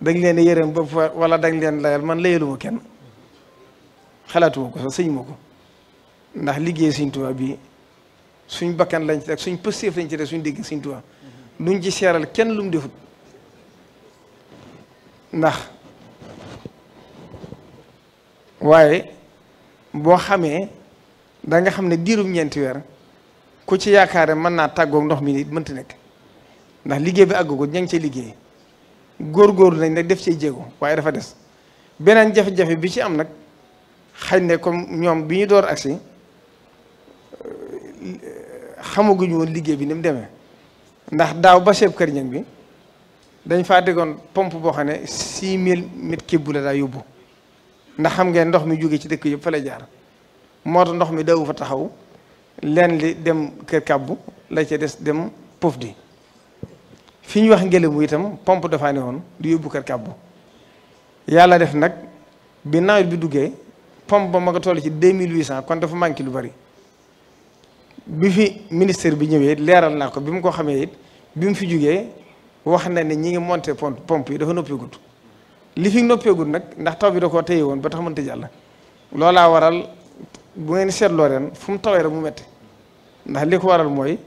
Speaker 1: dañ leen yërëm bopp wala dañ leen layal man layaluma kenn xalaatuma ko sax sëñ ko ndax liggéey sëñ Tuubaa bi suñ bakkan lañ ci teg suñ pësteef lañ ci teg suñ dégg sëñ Tuubaa luñ ci seeral kenn lu mu defut ndax waaye boo xamee danga xam ne diirum ñeenti weer ku ci yaakaare mën naa tàggoog ndox mi nit mënta nekk ndax liggéey bi àggagul ña ngi cay liggéey góor góorgóorlu nañ nag def ci jéego waaye dafa des beneen jafe-jafe bi ci am nag xañ ne comme ñoom bi ñu door agsi xamaguñu woon liggéey bi ni mu demee ndax daaw ba seeb kër ñang bi dañ faa déggoon pompe boo xam ne six mille mètres cubes la daa yóbbu ndax xam ngeen ndox mi jóge ci dëkk yëpp fa lay jaar moo tax ndox mi dawu fa taxaw leen li dem kër kàbbu la ca des dem pof di fi ñu wax ngelaw itam pompe dafaa ne woon du yóbbu kër kàbbu yàlla def nag bi nawet bi duggee pompe ba ma nga toll ci deux mille huit cent kon dafa manqué lu bari bi fi ministère bi ñëwee leeral naa ko bi mu ko xamee it bi mu fi jógee wax na ne ñi ngi monté pompe pompe yi dafa noppeegut li fi noppeegut nag ndax taw bi da koo téye woon ba tax mënta jàll loolaa waral bu ngeen seetloo ren fu mu tawee rek mu metti ndax li ko waral mooy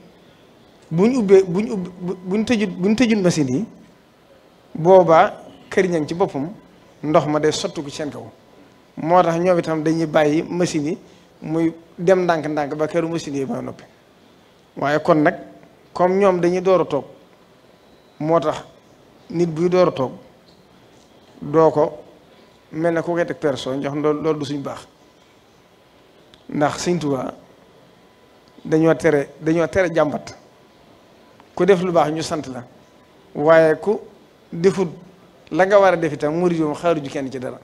Speaker 1: buñ ubbee buñ ubbe buñ tëjut buñ tëjut machine yi boobaa këriñam ci boppam ndox ma day sottu ko seen kaw moo tax ñoom itam dañuy bàyyi machine yi muy dem ndànk-ndànk ba këru machine yi ba noppi waaye kon nag comme ñoom dañuy door a toog. moo tax nit buy door a toog doo ko mel na ku koy teg personne jox loolu du suñ baax ndax Sëñ Tuubaa dañoo tere dañoo tere jàmbat ku def lu baax ñu sant la waaye ku defut la nga war a def itam murid moom xaaruju kenn ci dara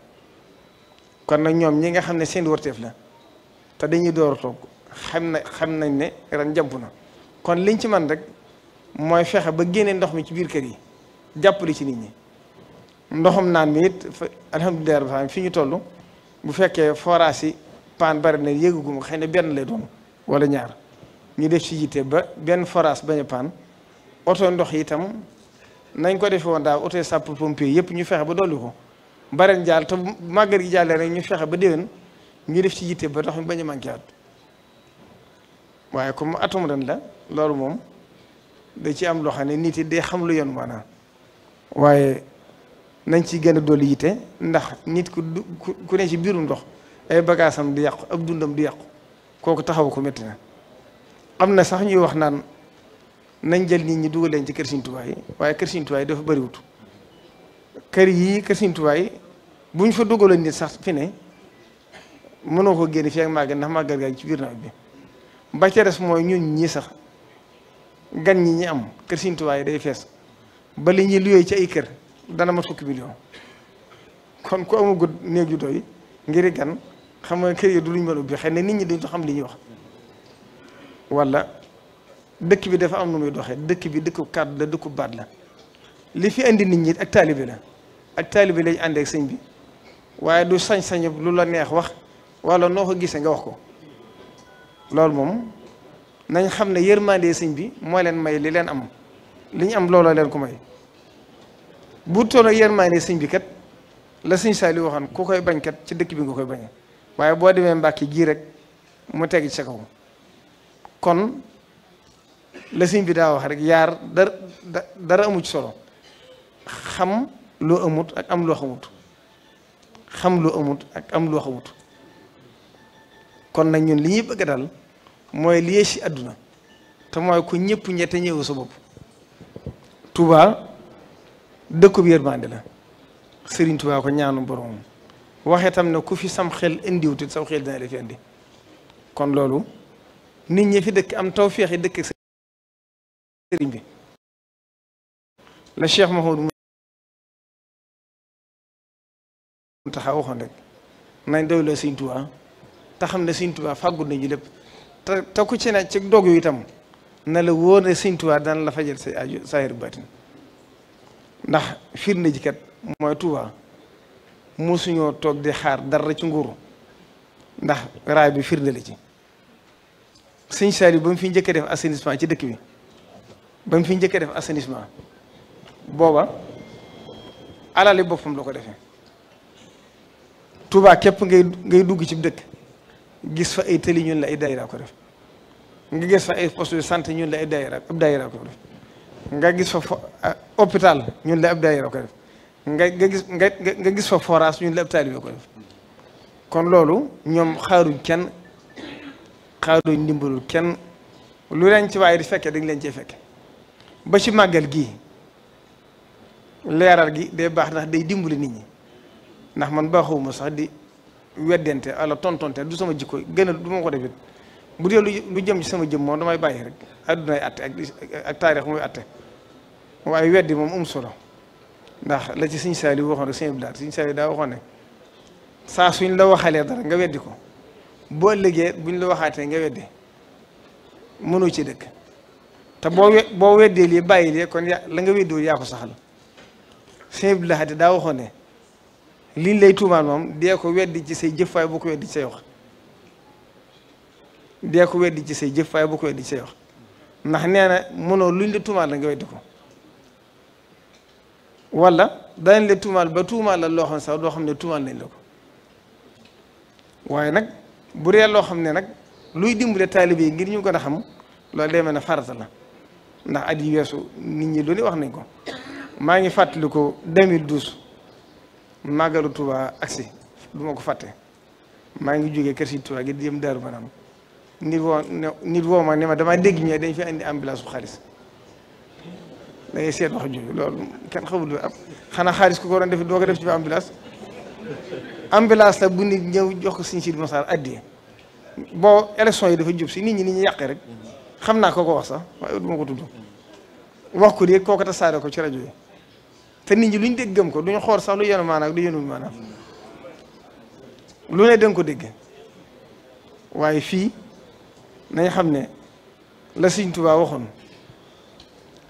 Speaker 1: kon nag ñoom ñi nga xam ne seen warteef la te dañuy door a toog xam na xam nañ ne ren jàmp na kon liñ ci man rek mooy fexe ba génne ndox mi ci biir kër yi jàppale ci nit ñi ndoxum naan mi it alhamdulilah rabbil alamin fi ñu toll bu fekkee forage yi paan bari na yéegagum xëy na benn lay doon wala ñaar ñu def ci yitte ba benn forage bañ a paan ndox yi nañ ko defee woon daal oto yëpp ñu fexe ba dolli ko bareen jaal te màggal gi rek ñu fexe ba déwén ñu def ci yitte ba ndox mi a manqué at waaye comme atum ren la loolu moom. da ci am loo xam ne nit yi de xam lu yoon maanaam waaye nañ ci gën a dolli ndax nit ku ku ne ci biirum ndox ay bagaasam di yàqu ab dundam di yàqu kooku taxaw ko métti na am na sax ñuy wax naan nañ jël nit ñi dugal leen ci kër Sëriñ Tuubaa waaye kër Sëriñ Tuubaa yi dafa bëriwut kër yi kër Sëriñ Tuubaa yi buñ fa dugaloon nit sax fi ne mënoo ko génn fii ak màggal ndax màggal ci biir na nawet bi ba ca des mooy ñun ñii sax gan ñi ñi am kër Sëriñ Tuubaa day fees ba li ñuy luyee ci ay kër dana mat fukki million kon ku amagut néeg yu doy ngir gan xam nga kër yi du luñ mën a ubbi xëy na nit ñi dañu xam li ñuy wax wala dëkk bi dafa am nu muy doxee dëkk bi dëkku kàddu la dëkku baat la li fi indi nit ñi ak taalibe la ak taalibe lañ àndee sëñ waaye du sañ-sañu lu la neex wax wala noo ko gisee nga wax ko loolu moom. nañ xam ne yërmande siñ bi moo leen may li leen am li ñu am looloo leen ko may bu tolloo yërmande sëñ bi kat la sëñ Saaliw waxoon ku koy bañ kat ci dëkk bi nga koy bañee waaye boo demee Mbàkke gii rek mu teg ci sa kaw kon la bi daa wax rek yaar dara dara amu ci solo xam loo amut ak am loo xamut xam loo amut ak am loo xamut kon nag ñun li ñuy bëgg dal mooy li ci àdduna te mooy ku ñëpp ñette ñëwu sa bopp Touba dëkku bi yërmande la Serigne Touba ko ñaanu borom waxee tam ne ku fi sam xel indiwutit sam xel dina la fi indi kon loolu nit ñi fi dëkk am tawféex yi dëkk Serigne bi la Cheikh Mahoud mu taxaw waxoon rek nañ doyloo Serigne Touba te xam ne Serigne Touba fàggu nañu lépp te te ku ci ne ci dog yu itam nala la wóor ne Sëñ Tuubaa daan la fajal say aju saahir baatin ndax firnde ji kat mooy Tuubaa mosuñoo toog di xaar dara ci nguuru ndax raay bi firnde la ci Sëñ Saaliw ba mu fi njëkk a def assainissement ci dëkk bi ba fi njëkk a def assainissement booba alali boppam la ko defee Tuubaa képp ngay ngay dugg ci dëkk gis fa ay tëli ñun la ay daayira ko def nga gis fa ay poste de santé ñun la ay daayira ab daayira ko nga gis fa ah, hôpital ñun la ab daayira ko def gis nga gis fa forage ñun la ab ko def kon loolu ñoom xaaruñ kenn xaaruñ ndimbalul kenn lu leen ci waaye di fekkee dañ leen cee fekke ba ci màggal gii leeral gi day baax ndax day dimbali nit ñi ndax man baaxuma sax di weddente ala tontonte du sama jikko gën a du ma ko defit bu dee lu jëm ci sama jëm moom damay bàyyi rek addunay atte ak ak taarix muy atte waaye weddi moom um solo ndax la ci Sëñ Saaliw waxoon rek Sëñ Abdou Lahad Sëñ daa waxoon ne saa suñ la waxalee dara nga weddi ko boo bu buñ la waxaatee nga weddi mënoo ci dëkk te boo we boo weddee lii bàyyi lii kon ya la nga weddoo yaa ko saxal Sëñ bi Lahad daa waxoon ne liñ lay tuumaal moom dee ko weddi ci say jëf waaye bu ko weddi ci say wax dee ko weddi ci say jëf waaye bu ko weddi ci say wax ndax nee na mënoo luñ la tuumaal la nga weddi ko wala danañ la tuumaal ba tuumaal la loo xam ne sax doo xam ne tuumaal nañ la ko waaye nag bu dee loo xam ne nag luy dimbale taalibe yi ngir ñu gën a xam loolu deme na ne farata la ndax at yi weesu nit ñi lu ne wax nañ ko maa ngi fàttali ko 2012. màggalu Touba agsi du ma ko fàtte maa ngi jógee kër si Touba gi di jëm Daaru Manam nit woo nit woo ma ne ma damaa dégg ñu dañ fi indi ambulance bu xaalis da ngay seet wax jooju loolu kenn xamul lu am xanaa xaalis ku ko doon def doo ko def ci ambulance ambulance la bu nit jox ko Sëriñ Sidi Moxtaar addiya boo yi dafa jub si nit ñi nit ñi yàqee rek xam naa ko ko wax sax waaye du ko tudd wax ko de kooku tasaare ko ci rajo yi. te nit ñi lu ñu dégg gëm ko duñu xool sax lu yenu maanaam lu yenul maana lu ne danga ko dégg waaye fii nañ xam ne la Sëñ Tuubaa waxoon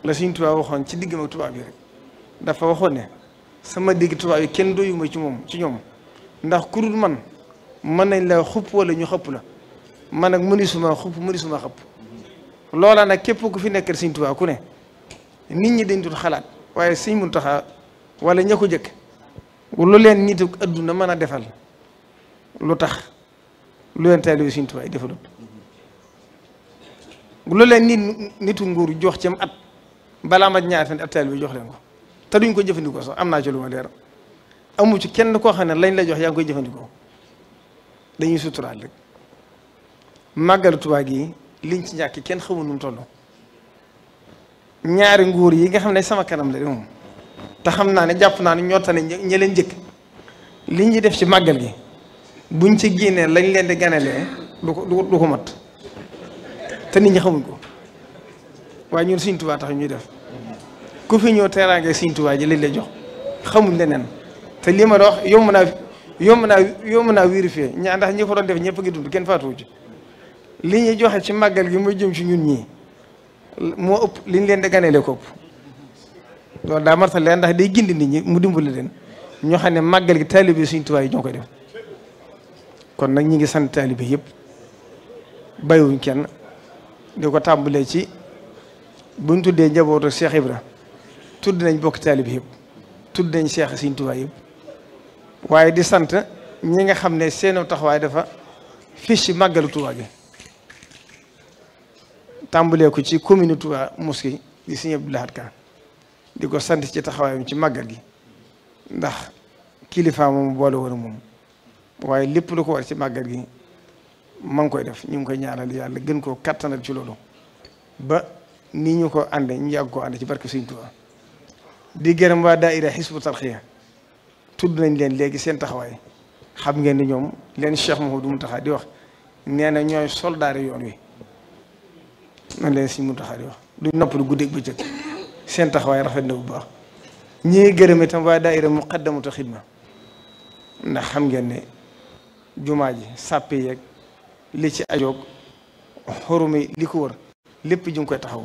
Speaker 1: la Sëñ Tuubaa waxoon ci diggam tubaab yi dafa waxoon ne sama digg tubaab yi kenn doyuma ci moom ci ñoom ndax ku dul man mën nañ la xupp walla ñu xëpp la man nag mënisuma xupp mënisuma xëpp loola na képp ku fi nekkal Sëñ Tuubaa ku ne nit ñi dañ dul xalaat waaye sëñ Muntaxa wala ña ko jëkk lu leen nit adduna mën a defal lu tax lu leen taalibe sëñ Tuubaa defalut lu leen nit nitu nguur jox ci at balaa ma ñaar fan at taalibe jox leen ko te duñ ko jëfandikoo sax am naa ci lu ma leer amu ci kenn koo xam ne lañ la jox yaa ngi koy jëfandikoo dañuy suturaal rek màggalu Tuubaa gi liñ ci ñàkki kenn xamul nu mu ñaari nguur yi nga xam ne sama kanam la moom te xam naa ne jàpp naa ne ñoo tane ñi leen njëkk liñ ñuy def ci màggal gi buñ ci génnee lañ leen di ganalee du ko ko mat te nit ñi xamuñ ko waaye ñun Sëñ Tuubaa tax ñuy def ku teraange Sëñ ji lañ lay jox xamuñ leneen te lii ma wax yomb naa yomb naa yomb naa vérifier ñaa ndax ñi ko doon def ñëpp ngi dund kenn faatuwu ci li ñuy joxe ci màggal gi muy jëm ci ñun ñi moo ëpp li ñu leen di ganeele ko ëpp loolu daa martal leen ndax day gindi nit ñi mu dimbali leen ñoo xam ne màggal gi taalibe suñ Tuubaa yi ñoo koy def kon nag ñi ngi sant taalibe yëpp bàyyiwuñ kenn di ko tàmbalee ci buñ tuddee njabootu Cheikh Ibra tudd nañ bokk taalibe yëpp tudd nañ Cheikh suñ Tuubaa yëpp waaye di sant ñi nga xam ne seenu taxawaay dafa fiche ci màggalu Tuubaa gi tàmbalee ko ci commune Touba Mosquée di Sëriñ Abdou Lahad Ka di ko sant ci taxawaayam ci màggal gi ndax kilifa moom boole woon moom waaye lépp lu ko war ci màggal gi ma ngi koy def ñu ngi koy ñaanal yàlla gën koo kattanal ci loolu ba ni ñu ko ànde ñu yàgg koo ànd ci barke Sëriñ Touba di gërëm waa daaira Hisbu Tarxiya tudd nañ leen léegi seen taxawaay xam ngeen ni ñoom leen Cheikh Mouhamadou taxaa di wax nee na ñooy soldaari yoon wi noonu leen suñ muntaxaa di wax duñ noppal guddeek bëccëg seen taxawaay rafet na bu baax ñi ngi gërëm itam waa daayira muqaddamatu xidma ndax xam ngeen ne jumaa ji sàppe yeeg li ci ajoog xorumi li ko wër lépp ju ngi koy taxaw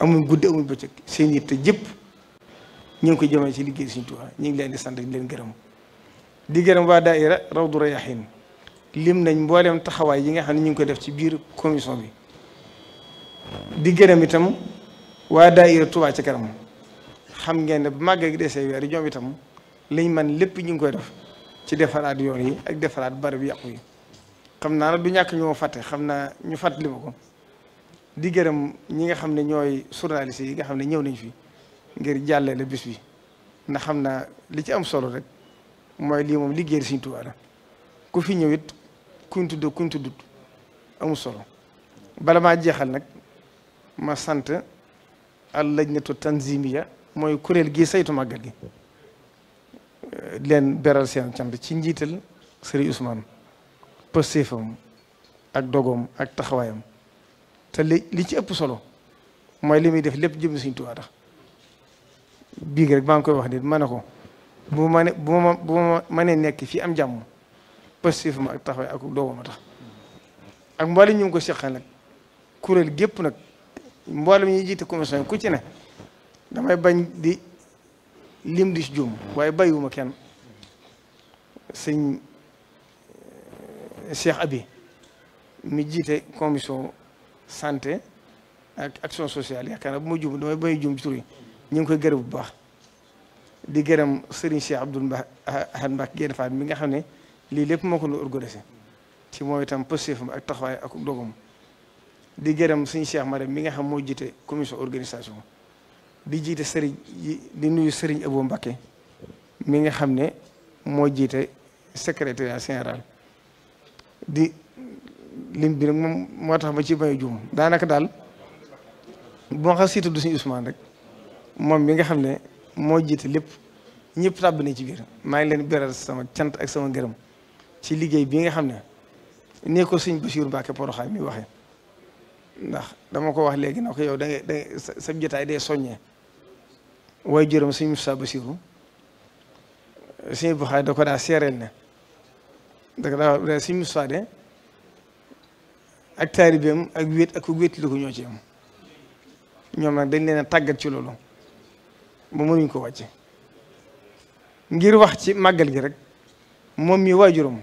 Speaker 1: amuñ guddi amuñ bëccëg seen yitte jëpp ñu ngi koy jëmee ci liggéey suñu Tuubaa ñu ngi leen di sant di leen gërëm di gërëm waa daayira Rawdu Rayaahiin lim nañ mboolem taxawaay yi nga xam ne ñu ngi koy def ci biir commission bi di gërëm itam waa daayira Touba ci kanam xam ngeen ne bu màggal gi desee weer ñoom itam liñ man lépp ñu ngi koy def ci defaraat yoon yi ak defaraat barab yàqu yi xam naa nag du ñàkk ñoo fàtte xam naa ñu fàttali ma ko di gërëm ñi nga xam ne ñooy journaliste yi nga xam ne ñëw nañ fi ngir jàllale bis bi ndax xam naa li ci am solo rek mooy lii moom liggéey Sëriñ Tuubaa la ku fi ñëw it kuñ tudd kuñ tuddut amul solo bala maa jeexal nag. ma sant al lajnatu tanzimiya mooy kuréel gi saytu màggal gi leen beral seen cant ci njiital sëriñ Ousmane pëstéefam ak dogoom ak taxawaayam te li li ci ëpp solo mooy li muy def lépp jëm Sëriñ Tuubaa tax rek maa ngi koy wax nit ma ne ko bu ma ne nekk fii am jàmm pëstéefam ak taxawaay ak dogoom ak mbali ñu ngi ko seqal nag kuréel gépp nag mboole mboolem ñi jiite commission ku ci ne damay bañ di lim di si juum waaye bàyyiwuma kenn sëñ eh, Cheikh Abi mi jiite commission santé ak action sociale yaakaar naa bu ma juum damay bañ juum ci ñu ngi koy gërëm bu baax di gërëm Serigne Cheikh Abdoul Mbac Ahad Mbac Guèye Faat mi nga xam ne lii lépp moo ko doon organisé ci moom itam positif ak taxawaay ak dogam. di gërëm suñu Cheikh Marème mi nga xam moo jiite commission organisation di jiite sëriñ di nuyu sëriñ Abo Mbakke mi nga xam ne moo jiite secrétariat général di lim bi nag moom moo tax ma ci bayu juum daanaka daal boo xam siita du suñu rek moom mi nga xam ne moo jiite lépp ñëpp tàbb na ci biir maa ngi leen beral sama cant ak sama gërëm ci liggéey bii nga xam ne nee ko suñ Bachir Mbacké Poroxaay mi waxee ndax dama ko wax léegi na ko yow da ngay da sa jotaay day soññee waaye juróom suñu Moussa Bassirou suñu da ko daa seereel ne da ko de ak taalibeem ak ak ku wéetli ko ñoo ci am ñoom nag dañ leen a tàggat ci loolu ba mënuñ ko wàcce ngir wax ci màggal gi rek moom mi waajuram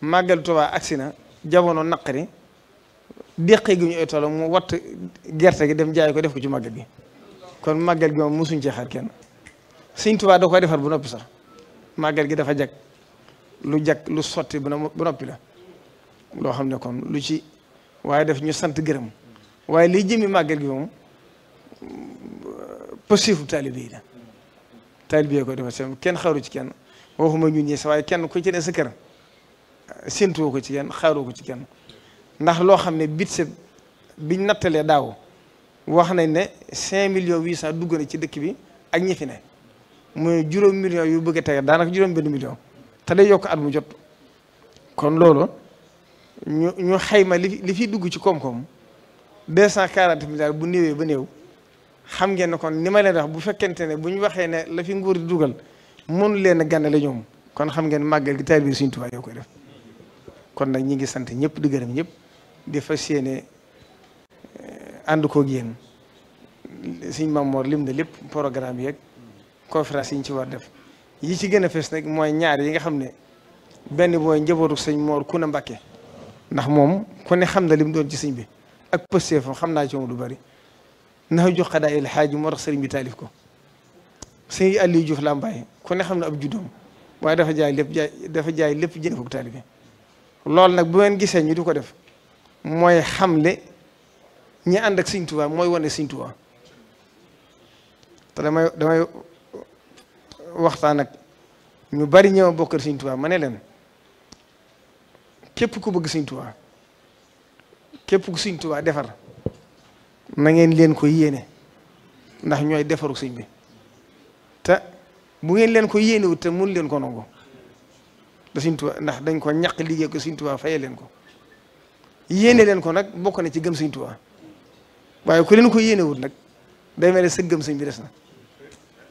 Speaker 1: màggal Tuubaa agsi na jamono naqari déqee gi ñu ay toolam mu watt gerte gi dem jaay ko def ko ci màggal gi kon màggal gi moom mosuñ ci xaar kenn Sëñ Tuubaa da koy defar bu noppi sax màggal gi dafa jag lu jag lu sotti bu noppi la loo xam ne kon lu ci waaye def ñu sant gërëm waaye liy jëmi màggal gi moom positif taalibe yi la taalibe koy defar seen kenn xaaru ci kenn waxuma ñun ñi sa waaye kenn ku ci ne sa kër ko ci kenn xaaroo ko ci kenn ndax loo xam ne budget biñ nattalee daaw wax nañ ne cinq millions huit cent dugg na ci dëkk bi ak ñi fi ne mooy juróom millions yu bëgg a tege daanaka juróom benn million te day yokk at mu jot kon loolu ñu ñu xayma li li fiy dugg ci koom-koom cent quarante milliards bu néewee ba néew xam ngeen ne kon ni ma leen wax bu fekkente ne bu ñu waxee ne la fi nguur di dugal mënu leen a gànna la ñoom kon xam ngeen màggal gi taal bi suñu tubaab yoo koy def kon nag ñi ngi sant ñëpp di gërëm ñëpp di fas yéene eh, ànd koog yéen suñ Mamoor lim na lépp programme yeeg conférence yi ñu ci war def yi ci gën a fees nag mooy ñaar yi nga xam ne benn mooy njabootu sëñ Mor Kuna Mbàkke ndax moom ku ne xam na lim doon ci sëñ bi ak pësteefam xam naa ci du bari ndax jox xadaa il xaaji moo tax sëriñ bi taalif ko sëñ Aliou Diouf Lambaye ku ne xam na ab juddoom waaye dafa jaay lépp dafa jaay lépp jënd ko taalibe loolu nag bu ngeen gisee ñu di ko def mooy xamle ñi ànd ak Sëñ mooy wane Sëñ Tuubaa te damay waxtaan ak ñu bari ñëw bokkal Sëñ Tuubaa ma ne leen képp ku bëgg Sëñ Tuubaa képp ku Sëñ Tuubaa defar na ngeen leen ko yéene ndax ñooy defaru sëñ bi te bu ngeen leen ko yéenewut te mun leen ko nangu da Sëñ Tuubaa ndax dañ ko ñaq liggéey ko Sëñ Tuubaa faye leen ko yéene leen ko nag bokk na ci gëm sëñ Tuubaa waaye ku leen ko yéene wut nag day mee ne sa gëm sëñ bi des na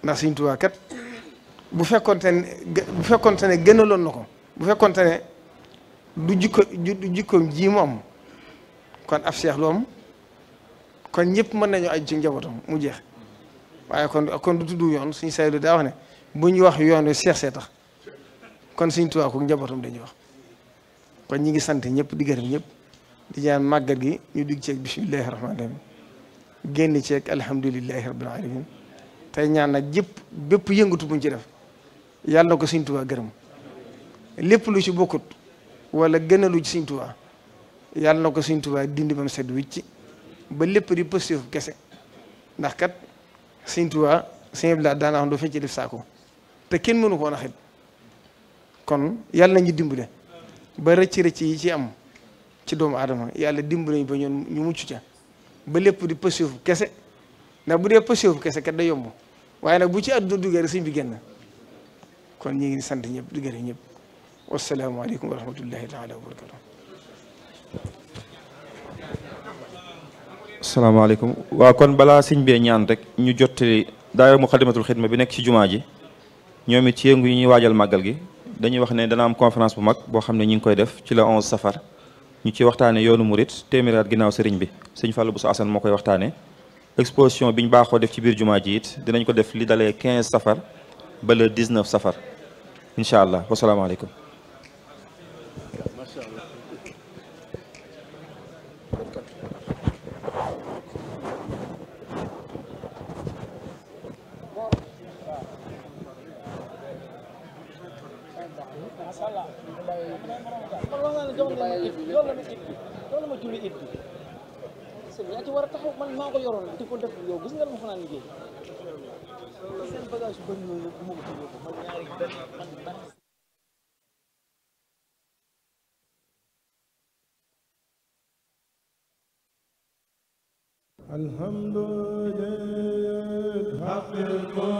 Speaker 1: ndax sëñ Tuubaa kat bu fekkonte ne ne gënaloon na ko bu fekkonte ne du jikko du jikkoom ji mu am kon af seex lu am kon ñëpp mën nañu aju ci njabootam mu jeex waaye kon kon du tudd yoon suñu say lu daa wax ne bu ñu wax yoon wi seex see tax kon sëñ Tuubaa ko njabootam dañuy wax kon ñi ngi sant ñëpp di gërëm ñëpp di ñaan màggal gi ñu digg ceeg bisimilahi rahmaani rahim génn ceeg alhamdulilahi alamin tey ñaan nag jëpp bépp yëngatu buñ ci def yàlla na ko Sëñ Tuubaa gërëm lépp lu ci bokkut wala gën a lu ci Sëñ Tuubaa yàlla na ko Sëñ Tuubaa dindi bam sedd wicc ba lépp di positif kese ndax kat Sëñ Tuubaa sëñ bi laa daana fecc def saako te kenn mënu koo naxit kon yàlla nañu dimbale ba rëcc rëcc yi ci am ci doomu aadama yàlla dimbali ba ñoom ñu mucc ca ba lépp di pësifu kese ndax bu dee pësifu kese kat da yomb waaye nag bu ci àdduna duggee rek siñ bi génn kon ñu ngi sant ñëpp di gërëm ñëpp wasalaamaaleykum wa rahmatullahi taala waaw kon balaa sëñ bee ñaan rek ñu jottali daayira Muxaddamatul Xidma bi nekk ci jumaa ji ñoom it ci yëngu yi ñuy waajal màggal gi dañuy wax ne dana am conférence bu mag boo xam ne ñu ngi koy def ci la 11 safar ñu ci waxtaane yoonu murit téeméeraat ginnaaw sëriñ bi sëñ bu Bousso Assane moo koy waxtaane exposition bi ñu baaxoo def ci biir jumaa ji it dinañ ko def li dalee 15 safar ba le 19 safar incha allah wasalaamaaleykum naa ne doom ma it loolu la ma it bi loolu ma julli it bi sëñ yaa ci war a taxaw man maa ko yoroon di ko def yow gis nga ma fanaan liggéey seen bagage yu bëri yooyu bu ma ko tuddee ko man ñaari benn man ban الحمد لله حق